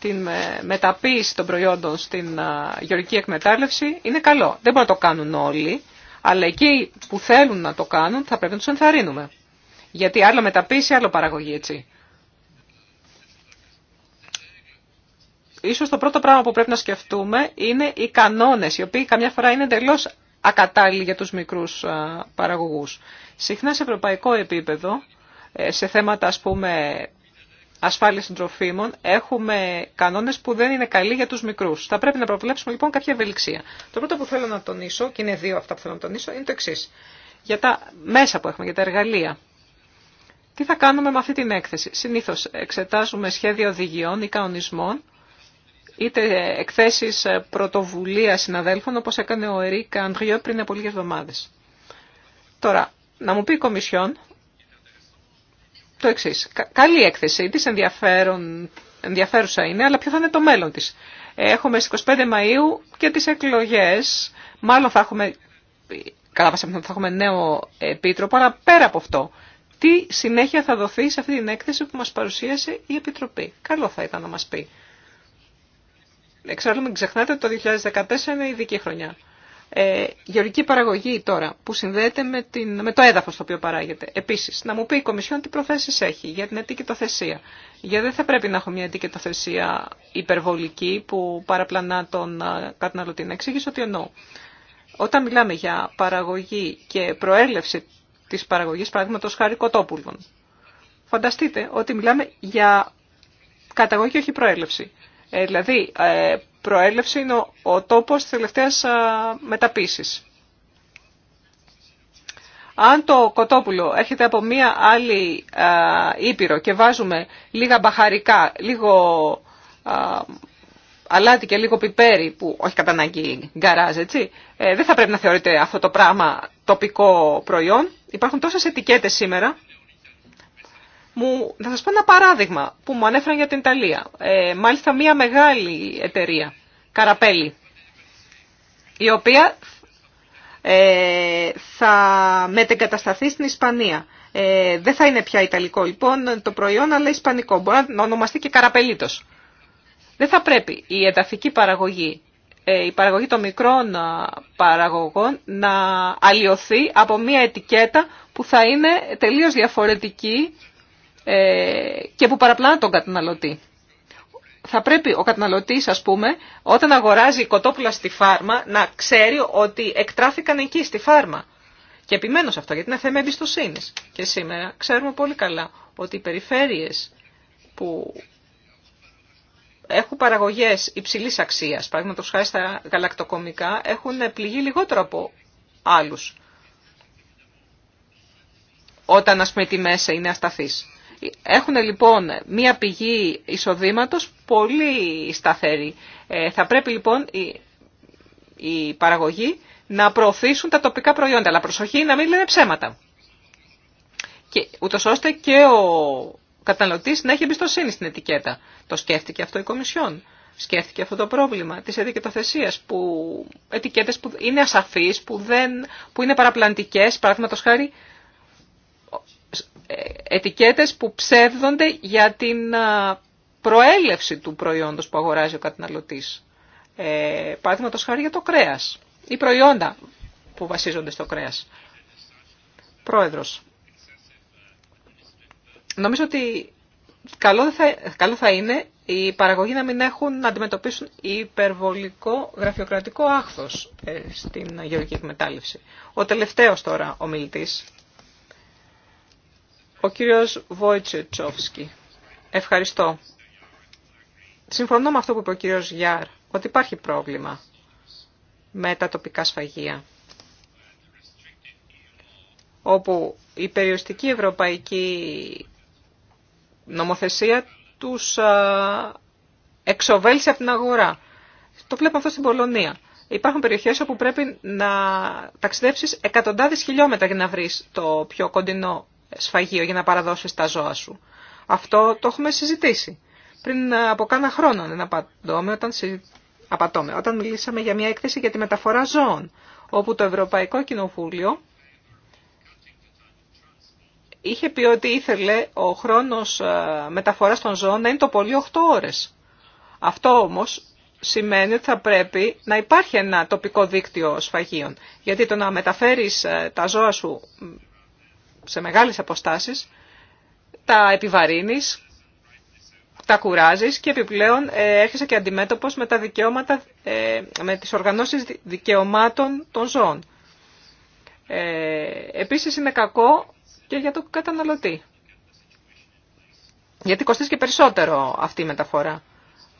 την μεταποίηση των προϊόντων στην γεωργική εκμετάλλευση είναι καλό. Δεν μπορούν να το κάνουν όλοι, αλλά εκεί που θέλουν να το κάνουν θα πρέπει να τους ενθαρρύνουμε. Γιατί άλλο μεταπίσει άλλο παραγωγή, έτσι. Ίσως το πρώτο πράγμα που πρέπει να σκεφτούμε είναι οι κανόνες, οι οποίοι καμιά φορά είναι εντελώ ακατάλληλοι για τους μικρούς παραγωγούς. Συχνά σε ευρωπαϊκό επίπεδο, ε, σε θέματα ας πούμε ασφάλειας των τροφίμων, έχουμε κανόνες που δεν είναι καλοί για τους μικρούς. Θα πρέπει να προβλέψουμε λοιπόν κάποια ευελιξία. Το πρώτο που θέλω να τονίσω, και είναι δύο αυτά που θέλω να τονίσω, είναι το εξή. Για τα μέσα που έχουμε, για τα εργαλεία. Τι θα κάνουμε με αυτή την έκθεση. Συνήθως εξετάζουμε σχέδια οδηγιών ή κανονισμών, είτε εκθέσεις πρωτοβουλία συναδέλφων, όπως έκανε ο Ερίκ Αντριό πριν από λίγες εβδομάδες. Τώρα, να μου πει η Κομισιόν το εξή. Καλή έκθεση τη, ενδιαφέρουσα είναι, αλλά ποιο θα είναι το μέλλον της. Έχουμε στι 25 Μαΐου και τις εκλογές. Μάλλον θα έχουμε, καλά θα έχουμε νέο επίτροπο, αλλά πέρα από αυτό τι συνέχεια θα δοθεί σε αυτή την έκθεση που μας παρουσίασε η Επιτροπή. Καλό θα ήταν να μας πει. Εξάλλου μην ξεχνάτε ότι το 2014 είναι η ειδική χρονιά. Ε, γεωργική παραγωγή τώρα που συνδέεται με, την, με το έδαφος το οποίο παράγεται. Επίσης, να μου πει η Κομισιόν τι προθέσεις έχει για την ετικετοθεσία. Γιατί δεν θα πρέπει να έχω μια ετικετοθεσία υπερβολική που παραπλανά τον ε, καταναλωτή. Την εξήγηση ότι εννοώ. Όταν μιλάμε για παραγωγή και προέλευση της παραγωγής, παραδείγματος χάρη κοτόπουλων. Φανταστείτε ότι μιλάμε για καταγωγή και όχι προέλευση. Ε, δηλαδή, ε, προέλευση είναι ο, ο τόπος της τελευταίας Αν το κοτόπουλο έρχεται από μία άλλη ήπειρο και βάζουμε λίγα μπαχαρικά, λίγο αλάτι και λίγο πιπέρι που όχι κατά ανάγκη γκαράζ, έτσι. Ε, δεν θα πρέπει να θεωρείται αυτό το πράγμα τοπικό προϊόν. Υπάρχουν τόσε ετικέτες σήμερα. Μου, θα σας πω ένα παράδειγμα που μου ανέφεραν για την Ιταλία. Ε, μάλιστα μια μεγάλη εταιρεία, Καραπέλη, η οποία ε, θα μετεγκατασταθεί στην Ισπανία. Ε, δεν θα είναι πια Ιταλικό λοιπόν το προϊόν, αλλά Ισπανικό. Μπορεί να ονομαστεί και Καραπελίτος. Δεν θα πρέπει η εδαφική παραγωγή, ε, η παραγωγή των μικρών παραγωγών να αλλοιωθεί από μια ετικέτα που θα είναι τελείως διαφορετική ε, και που παραπλανά τον καταναλωτή. Θα πρέπει ο καταναλωτής, ας πούμε, όταν αγοράζει κοτόπουλα στη φάρμα, να ξέρει ότι εκτράφηκαν εκεί στη φάρμα. Και επιμένω σε αυτό, γιατί είναι θέμα εμπιστοσύνη. Και σήμερα ξέρουμε πολύ καλά ότι οι περιφέρειες που έχουν παραγωγές υψηλή αξίας, παραδείγματο χάρη στα γαλακτοκομικά, έχουν πληγεί λιγότερο από άλλους. Όταν, α πούμε, οι είναι ασταθής. Έχουν λοιπόν μία πηγή εισοδήματο πολύ σταθερή. Ε, θα πρέπει λοιπόν οι, οι παραγωγοί να προωθήσουν τα τοπικά προϊόντα. Αλλά προσοχή να μην λένε ψέματα. Και ούτως ώστε και ο Καταναλωτή να έχει εμπιστοσύνη στην ετικέτα. Το σκέφτηκε αυτό η Κομισιόν. Σκέφτηκε αυτό το πρόβλημα της ετικετοθεσίας, που ετικέτες που είναι ασαφείς, που, δεν, που είναι παραπλανητικές, παραδείγματο χάρη ε, ετικέτες που ψεύδονται για την προέλευση του προϊόντος που αγοράζει ο καταναλωτής. Ε, χάρη για το κρέας ή προϊόντα που βασίζονται στο κρέας. Πρόεδρος, Νομίζω ότι καλό θα, καλό θα είναι οι παραγωγοί να μην έχουν να αντιμετωπίσουν υπερβολικό γραφειοκρατικό άχθος ε, στην γεωργική εκμετάλλευση. Ο τελευταίος τώρα ο μιλητής, ο κύριος Βόιτσετσόφσκι. Ευχαριστώ. Συμφωνώ με αυτό που είπε ο κύριος Γιάρ, ότι υπάρχει πρόβλημα με τα τοπικά σφαγεία, όπου η περιοριστική ευρωπαϊκή νομοθεσία τους εξοβέλσει από την αγορά. Το βλέπουμε αυτό στην Πολωνία. Υπάρχουν περιοχές όπου πρέπει να ταξιδέψεις εκατοντάδες χιλιόμετρα για να βρεις το πιο κοντινό σφαγείο για να παραδώσεις τα ζώα σου. Αυτό το έχουμε συζητήσει. Πριν από κάνα χρόνο, δεν απαντώμε, όταν, απατώμε, όταν μιλήσαμε για μια έκθεση για τη μεταφορά ζώων, όπου το Ευρωπαϊκό Κοινοβούλιο είχε πει ότι ήθελε ο χρόνος ε, μεταφοράς των ζώων να είναι το πολύ 8 ώρες. Αυτό όμως σημαίνει ότι θα πρέπει να υπάρχει ένα τοπικό δίκτυο σφαγείων. Γιατί το να μεταφέρεις ε, τα ζώα σου σε μεγάλες αποστάσεις, τα επιβαρύνεις, τα κουράζεις και επιπλέον ε, έρχεσαι και αντιμέτωπος με τα δικαιώματα, με τις οργανώσεις δικαιωμάτων των ζώων. Ε, επίσης είναι κακό και για το καταναλωτή. Γιατί κοστίζει και περισσότερο αυτή η μεταφορά.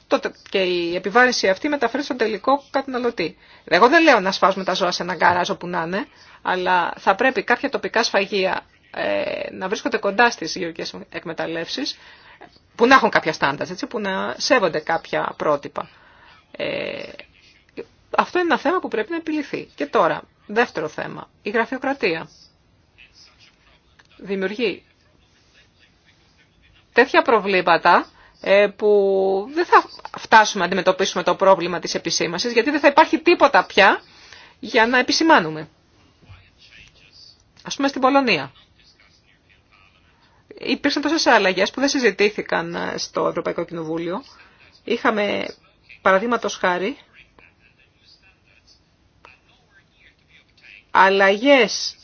Τότε και η επιβάρηση αυτή μεταφέρει στον τελικό καταναλωτή. Εγώ δεν λέω να σφάζουμε τα ζώα σε ένα γκαράζ όπου να είναι, αλλά θα πρέπει κάποια τοπικά σφαγεία ε, να βρίσκονται κοντά στι γεωργικές εκμεταλλεύσεις, που να έχουν κάποια στάντας, έτσι, που να σέβονται κάποια πρότυπα. Ε, αυτό είναι ένα θέμα που πρέπει να επιληθεί. Και τώρα, δεύτερο θέμα, η γραφειοκρατία δημιουργεί τέτοια προβλήματα ε, που δεν θα φτάσουμε να αντιμετωπίσουμε το πρόβλημα της επισήμασης, γιατί δεν θα υπάρχει τίποτα πια για να επισημάνουμε. Ας πούμε στην Πολωνία. Υπήρξαν τόσες αλλαγές που δεν συζητήθηκαν ε, στο Ευρωπαϊκό Κοινοβούλιο. Είχαμε, παραδείγματο χάρη, αλλαγές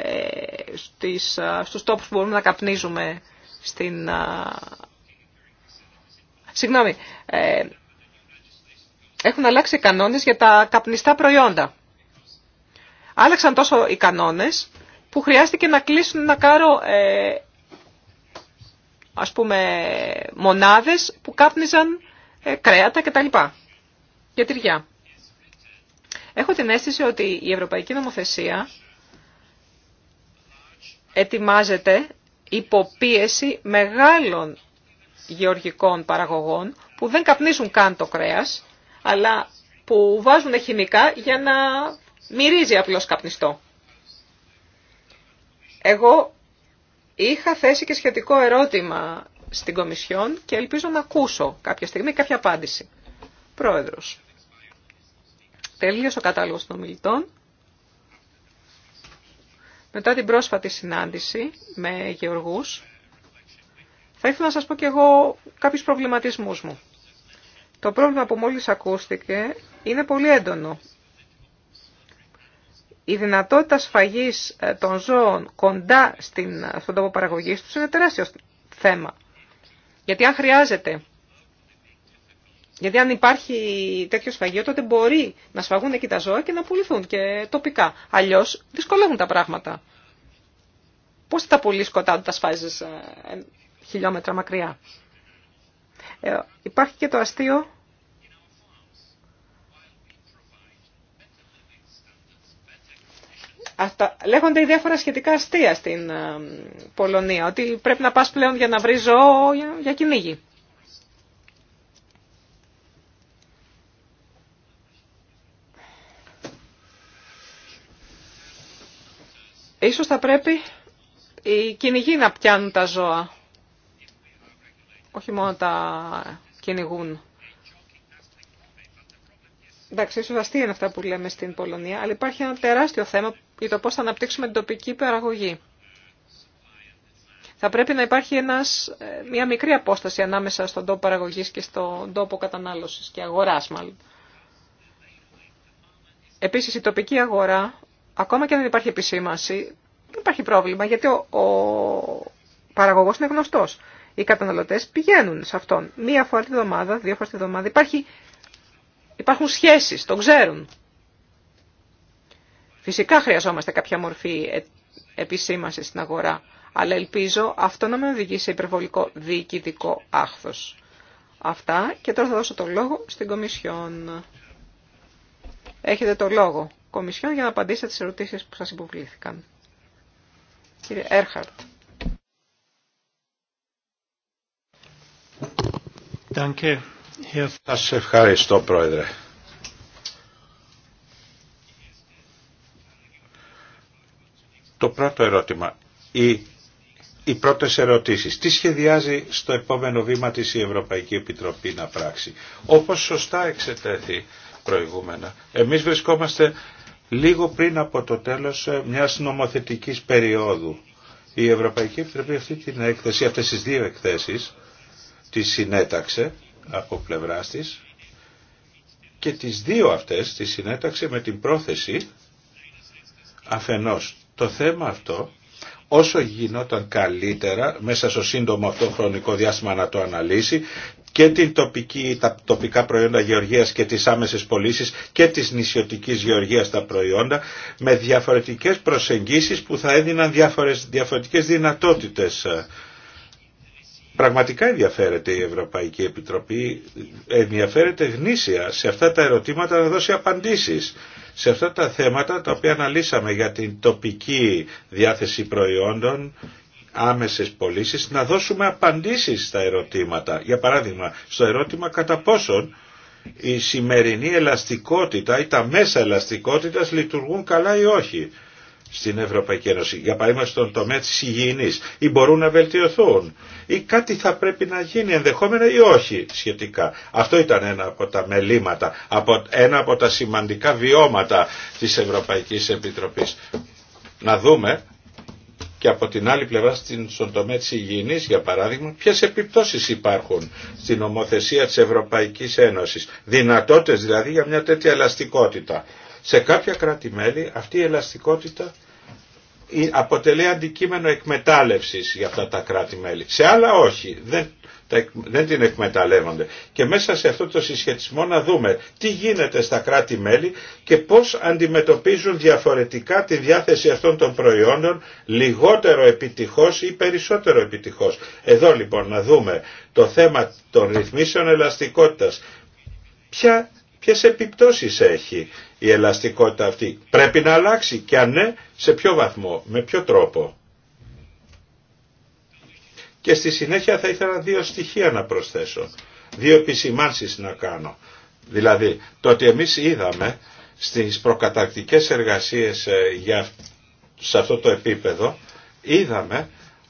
ε, στις, στους τόπους που μπορούμε να καπνίζουμε στην... Συγγνώμη, ε, έχουν αλλάξει οι κανόνες για τα καπνιστά προϊόντα. Άλλαξαν τόσο οι κανόνες που χρειάστηκε να κλείσουν να κάρο ε, ας πούμε μονάδες που κάπνιζαν ε, κρέατα κτλ. Για τυριά. Έχω την αίσθηση ότι η Ευρωπαϊκή Νομοθεσία ετοιμάζεται υποπίεση μεγάλων γεωργικών παραγωγών που δεν καπνίζουν καν το κρέας, αλλά που βάζουν χημικά για να μυρίζει απλώς καπνιστό. Εγώ είχα θέσει και σχετικό ερώτημα στην Κομισιόν και ελπίζω να ακούσω κάποια στιγμή κάποια απάντηση. Πρόεδρος. Τελείωσε ο κατάλογος των ομιλητών. Μετά την πρόσφατη συνάντηση με γεωργούς, θα ήθελα να σας πω και εγώ κάποιους προβληματισμούς μου. Το πρόβλημα που μόλις ακούστηκε είναι πολύ έντονο. Η δυνατότητα σφαγής ε, των ζώων κοντά στην, ε, στον τόπο παραγωγής τους είναι τεράστιο θέμα. Γιατί αν χρειάζεται γιατί αν υπάρχει τέτοιο σφαγείο, τότε μπορεί να σφαγούν εκεί τα ζώα και να πουληθούν και τοπικά. Αλλιώ δυσκολεύουν τα πράγματα. Πώ θα τα πουλήσει κοντά τα σφάζει ε, χιλιόμετρα μακριά. Ε, υπάρχει και το αστείο. Αυτά, λέγονται διάφορα σχετικά αστεία στην ε, Πολωνία, ότι πρέπει να πας πλέον για να βρει ζώο για, για κυνήγι. Ίσως θα πρέπει οι κυνηγοί να πιάνουν τα ζώα. Όχι μόνο τα κυνηγούν. Εντάξει, ίσως αστεία είναι αυτά που λέμε στην Πολωνία, αλλά υπάρχει ένα τεράστιο θέμα για το πώς θα αναπτύξουμε την τοπική παραγωγή. Θα πρέπει να υπάρχει ένας, ε, μια μικρή απόσταση ανάμεσα στον τόπο παραγωγής και στον τόπο κατανάλωσης και αγοράς μάλλον. Επίσης η τοπική αγορά ακόμα και αν δεν υπάρχει επισήμανση, δεν υπάρχει πρόβλημα γιατί ο, ο παραγωγός είναι γνωστός. Οι καταναλωτές πηγαίνουν σε αυτόν μία φορά τη εβδομάδα, δύο φορές τη εβδομάδα. υπάρχουν σχέσεις, τον ξέρουν. Φυσικά χρειαζόμαστε κάποια μορφή ε, επισήμανση στην αγορά, αλλά ελπίζω αυτό να με οδηγεί σε υπερβολικό διοικητικό άχθος. Αυτά και τώρα θα δώσω το λόγο στην Κομισιόν. Έχετε το λόγο. Κομισιόν για να απαντήσετε τις ερωτήσεις που σας υποβλήθηκαν. Κύριε Έρχαρτ. ευχαριστώ Πρόεδρε. Το πρώτο ερώτημα. Η οι πρώτε ερωτήσεις. Τι σχεδιάζει στο επόμενο βήμα της η Ευρωπαϊκή Επιτροπή να πράξει. Όπως σωστά εξετέθη προηγούμενα, εμείς βρισκόμαστε λίγο πριν από το τέλος ε, μιας νομοθετικής περίοδου. Η Ευρωπαϊκή Επιτροπή αυτή την έκθεση, αυτές τις δύο εκθέσεις, τις συνέταξε από πλευράς της και τις δύο αυτές τις συνέταξε με την πρόθεση αφενός το θέμα αυτό όσο γινόταν καλύτερα μέσα στο σύντομο αυτό χρονικό διάστημα να το αναλύσει και την τοπική, τα τοπικά προϊόντα γεωργίας και τις άμεσες πωλήσει και της νησιωτικής γεωργίας τα προϊόντα με διαφορετικές προσεγγίσεις που θα έδιναν διάφορες, διαφορετικές δυνατότητες. Πραγματικά ενδιαφέρεται η Ευρωπαϊκή Επιτροπή, ενδιαφέρεται γνήσια σε αυτά τα ερωτήματα να δώσει απαντήσεις. Σε αυτά τα θέματα τα οποία αναλύσαμε για την τοπική διάθεση προϊόντων, άμεσες πωλήσει να δώσουμε απαντήσεις στα ερωτήματα. Για παράδειγμα, στο ερώτημα κατά πόσον η σημερινή ελαστικότητα ή τα μέσα ελαστικότητας λειτουργούν καλά ή όχι στην Ευρωπαϊκή Ένωση. Για παράδειγμα στον τομέα της υγιεινής ή μπορούν να βελτιωθούν ή κάτι θα πρέπει να γίνει ενδεχόμενα ή όχι σχετικά. Αυτό ήταν ένα από τα μελήματα, ένα από τα σημαντικά βιώματα της Ευρωπαϊκής Επιτροπής. Να δούμε και από την άλλη πλευρά στον τομέα της υγιεινής για παράδειγμα ποιες επιπτώσεις υπάρχουν στην ομοθεσία της Ευρωπαϊκής Ένωσης δυνατότητες δηλαδή για μια τέτοια ελαστικότητα σε κάποια κράτη-μέλη αυτή η ελαστικότητα αποτελεί αντικείμενο εκμετάλλευσης για αυτά τα κράτη-μέλη σε άλλα όχι δεν δεν την εκμεταλλεύονται. Και μέσα σε αυτό το συσχετισμό να δούμε τι γίνεται στα κράτη-μέλη και πώς αντιμετωπίζουν διαφορετικά τη διάθεση αυτών των προϊόντων λιγότερο επιτυχώς ή περισσότερο επιτυχώς. Εδώ λοιπόν να δούμε το θέμα των ρυθμίσεων ελαστικότητας. Ποια, ποιες επιπτώσεις έχει η ελαστικότητα αυτή. Πρέπει να αλλάξει και αν ναι, σε ποιο βαθμό, με ποιο τρόπο. Και στη συνέχεια θα ήθελα δύο στοιχεία να προσθέσω, δύο επισημάνσεις να κάνω. Δηλαδή, το ότι εμείς είδαμε στις προκατακτικές εργασίες ε, για, σε αυτό το επίπεδο, είδαμε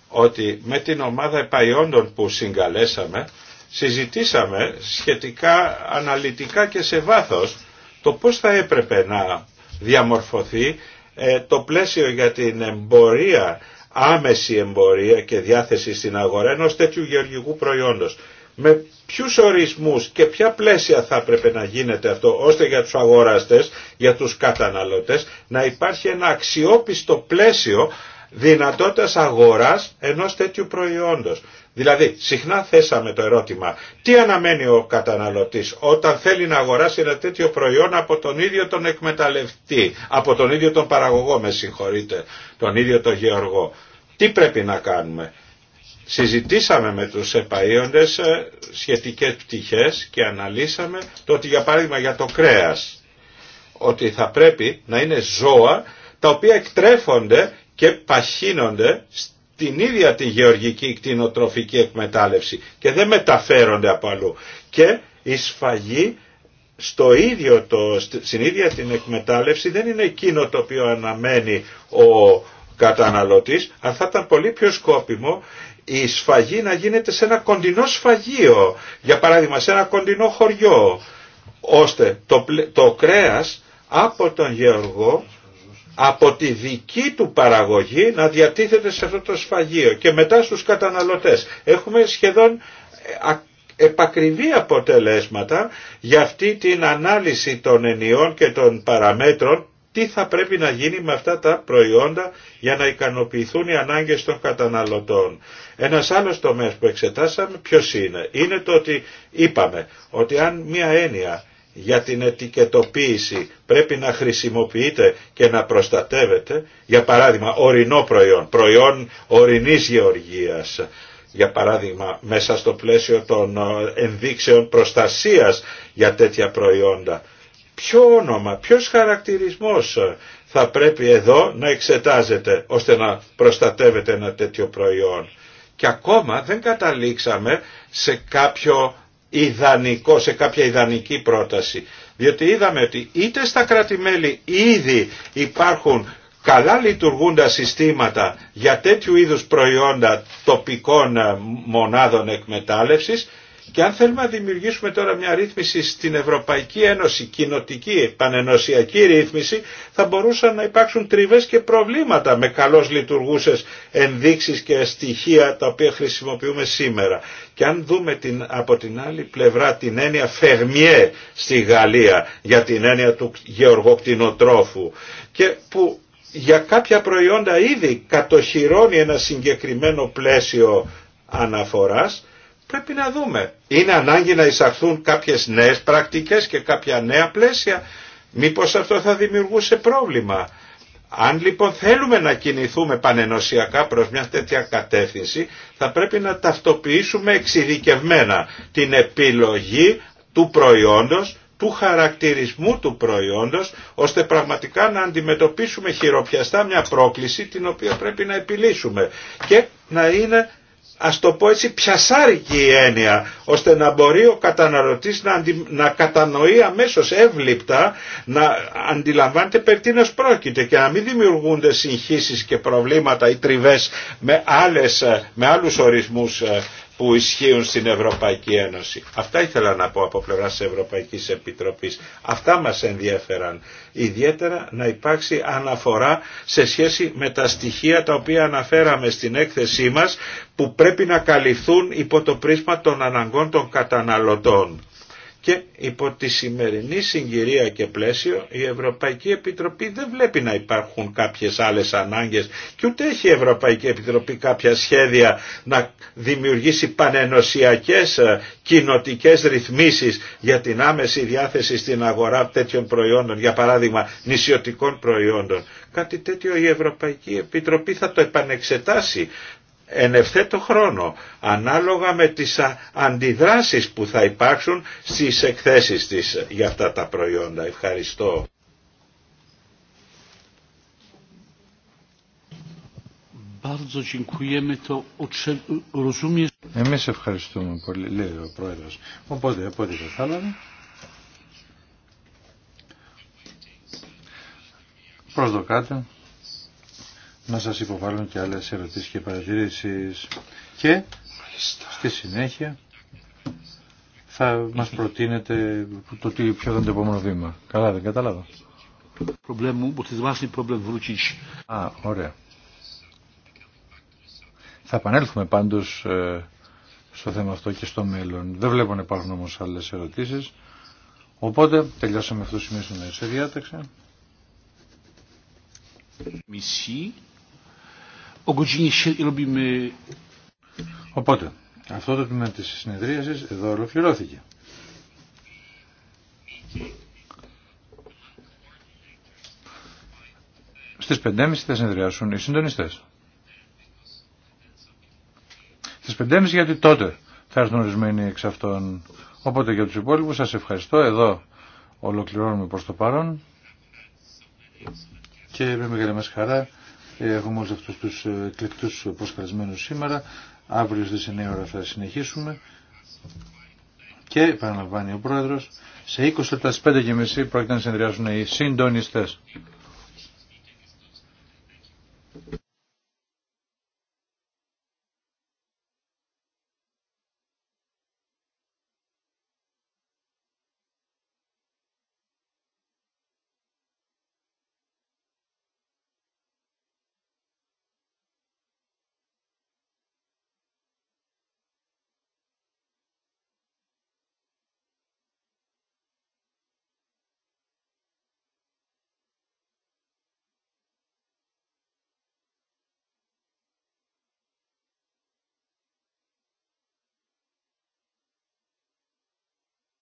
ότι με την ομάδα επαϊόντων που συγκαλέσαμε, συζητήσαμε σχετικά αναλυτικά και σε βάθος το πώς θα έπρεπε να διαμορφωθεί ε, το πλαίσιο για την εμπορία άμεση εμπορία και διάθεση στην αγορά ενός τέτοιου γεωργικού προϊόντος. Με ποιους ορισμούς και ποια πλαίσια θα έπρεπε να γίνεται αυτό ώστε για τους αγοραστές, για τους καταναλωτές να υπάρχει ένα αξιόπιστο πλαίσιο δυνατότητας αγοράς ενός τέτοιου προϊόντος. Δηλαδή, συχνά θέσαμε το ερώτημα, τι αναμένει ο καταναλωτής όταν θέλει να αγοράσει ένα τέτοιο προϊόν από τον ίδιο τον εκμεταλλευτή, από τον ίδιο τον παραγωγό, με συγχωρείτε, τον ίδιο τον γεωργό. Τι πρέπει να κάνουμε. Συζητήσαμε με τους επαΐοντες ε, σχετικές πτυχές και αναλύσαμε το ότι για παράδειγμα για το κρέας, ότι θα πρέπει να είναι ζώα τα οποία εκτρέφονται και παχύνονται την ίδια τη γεωργική κτηνοτροφική εκμετάλλευση και δεν μεταφέρονται από αλλού. Και η σφαγή στο ίδιο το, στην ίδια την εκμετάλλευση δεν είναι εκείνο το οποίο αναμένει ο καταναλωτής, αλλά θα ήταν πολύ πιο σκόπιμο η σφαγή να γίνεται σε ένα κοντινό σφαγείο, για παράδειγμα σε ένα κοντινό χωριό, ώστε το, το κρέας από τον γεωργό από τη δική του παραγωγή να διατίθεται σε αυτό το σφαγείο και μετά στους καταναλωτές. Έχουμε σχεδόν ε, επακριβή αποτελέσματα για αυτή την ανάλυση των ενιών και των παραμέτρων τι θα πρέπει να γίνει με αυτά τα προϊόντα για να ικανοποιηθούν οι ανάγκες των καταναλωτών. Ένας άλλος τομέας που εξετάσαμε ποιος είναι. Είναι το ότι είπαμε ότι αν μια έννοια για την ετικετοποίηση πρέπει να χρησιμοποιείται και να προστατεύεται, για παράδειγμα ορεινό προϊόν, προϊόν ορεινής γεωργίας, για παράδειγμα μέσα στο πλαίσιο των ε, ενδείξεων προστασίας για τέτοια προϊόντα. Ποιο όνομα, ποιος χαρακτηρισμός ε, θα πρέπει εδώ να εξετάζεται ώστε να προστατεύεται ένα τέτοιο προϊόν. Και ακόμα δεν καταλήξαμε σε κάποιο ιδανικό, σε κάποια ιδανική πρόταση. Διότι είδαμε ότι είτε στα κράτη-μέλη ήδη υπάρχουν καλά λειτουργούντα συστήματα για τέτοιου είδους προϊόντα τοπικών ε, μονάδων εκμετάλλευσης και αν θέλουμε να δημιουργήσουμε τώρα μια ρύθμιση στην Ευρωπαϊκή Ένωση, κοινοτική, πανενωσιακή ρύθμιση, θα μπορούσαν να υπάρξουν τριβές και προβλήματα με καλώς λειτουργούσες ενδείξεις και στοιχεία τα οποία χρησιμοποιούμε σήμερα. Και αν δούμε την, από την άλλη πλευρά την έννοια φεγμιέ στη Γαλλία για την έννοια του γεωργοκτηνοτρόφου και που για κάποια προϊόντα ήδη κατοχυρώνει ένα συγκεκριμένο πλαίσιο αναφοράς, πρέπει να δούμε. Είναι ανάγκη να εισαχθούν κάποιες νέες πρακτικές και κάποια νέα πλαίσια. Μήπως αυτό θα δημιουργούσε πρόβλημα. Αν λοιπόν θέλουμε να κινηθούμε πανενοσιακά προς μια τέτοια κατεύθυνση, θα πρέπει να ταυτοποιήσουμε εξειδικευμένα την επιλογή του προϊόντος, του χαρακτηρισμού του προϊόντος, ώστε πραγματικά να αντιμετωπίσουμε χειροπιαστά μια πρόκληση την οποία πρέπει να επιλύσουμε και να είναι ας το πω έτσι πιασάρικη η έννοια ώστε να μπορεί ο καταναλωτής να, να κατανοεί αμέσως εύληπτα να αντιλαμβάνεται περί τίνος πρόκειται και να μην δημιουργούνται συγχύσεις και προβλήματα ή τριβές με, άλλες, με άλλους ορισμούς ε, που ισχύουν στην Ευρωπαϊκή Ένωση. Αυτά ήθελα να πω από πλευρά της Ευρωπαϊκής Επιτροπής. Αυτά μας ενδιαφέραν. Ιδιαίτερα να υπάρξει αναφορά σε σχέση με τα στοιχεία τα οποία αναφέραμε στην έκθεσή μας που πρέπει να καλυφθούν υπό το πρίσμα των αναγκών των καταναλωτών. Και υπό τη σημερινή συγκυρία και πλαίσιο η Ευρωπαϊκή Επιτροπή δεν βλέπει να υπάρχουν κάποιες άλλες ανάγκες και ούτε έχει η Ευρωπαϊκή Επιτροπή κάποια σχέδια να δημιουργήσει πανενοσιακές ε, κοινοτικές ρυθμίσεις για την άμεση διάθεση στην αγορά τέτοιων προϊόντων, για παράδειγμα νησιωτικών προϊόντων. Κάτι τέτοιο η Ευρωπαϊκή Επιτροπή θα το επανεξετάσει εν ευθέτω χρόνο, ανάλογα με τις αντιδράσεις που θα υπάρξουν στις εκθέσεις της για αυτά τα προϊόντα. Ευχαριστώ. Εμείς ευχαριστούμε πολύ, λέει ο Πρόεδρος. Οπότε, από ό,τι κατάλαβα, προσδοκάτε να σας υποβάλουν και άλλες ερωτήσεις και παρατηρήσεις. Και στη συνέχεια θα μας προτείνετε το τι ποιο ήταν το επόμενο βήμα. Καλά δεν κατάλαβα. Α, ωραία. Θα επανέλθουμε πάντως ε, στο θέμα αυτό και στο μέλλον. Δεν βλέπω να υπάρχουν όμως άλλες ερωτήσεις. Οπότε τελειώσαμε αυτό το σημείο Σε διάταξη. Μισή. Οπότε, αυτό το τμήμα τη συνεδρίασης εδώ ολοκληρώθηκε. Στι 5.30 θα συνεδριάσουν οι συντονιστέ. Στι 5.30 γιατί τότε θα έρθουν ορισμένοι εξ αυτών. Οπότε για του υπόλοιπου, σα ευχαριστώ. Εδώ ολοκληρώνουμε προ το παρόν και με μεγάλη μα χαρά Έχουμε όλους αυτούς τους ε, εκλεκτούς προσκαλισμένους σήμερα. Αύριο στις 9 ώρα θα συνεχίσουμε. Και παραλαμβάνει ο Πρόεδρος, σε 20 λεπτά στις 5 και μισή πρόκειται να συνδυάσουν οι συντονιστές.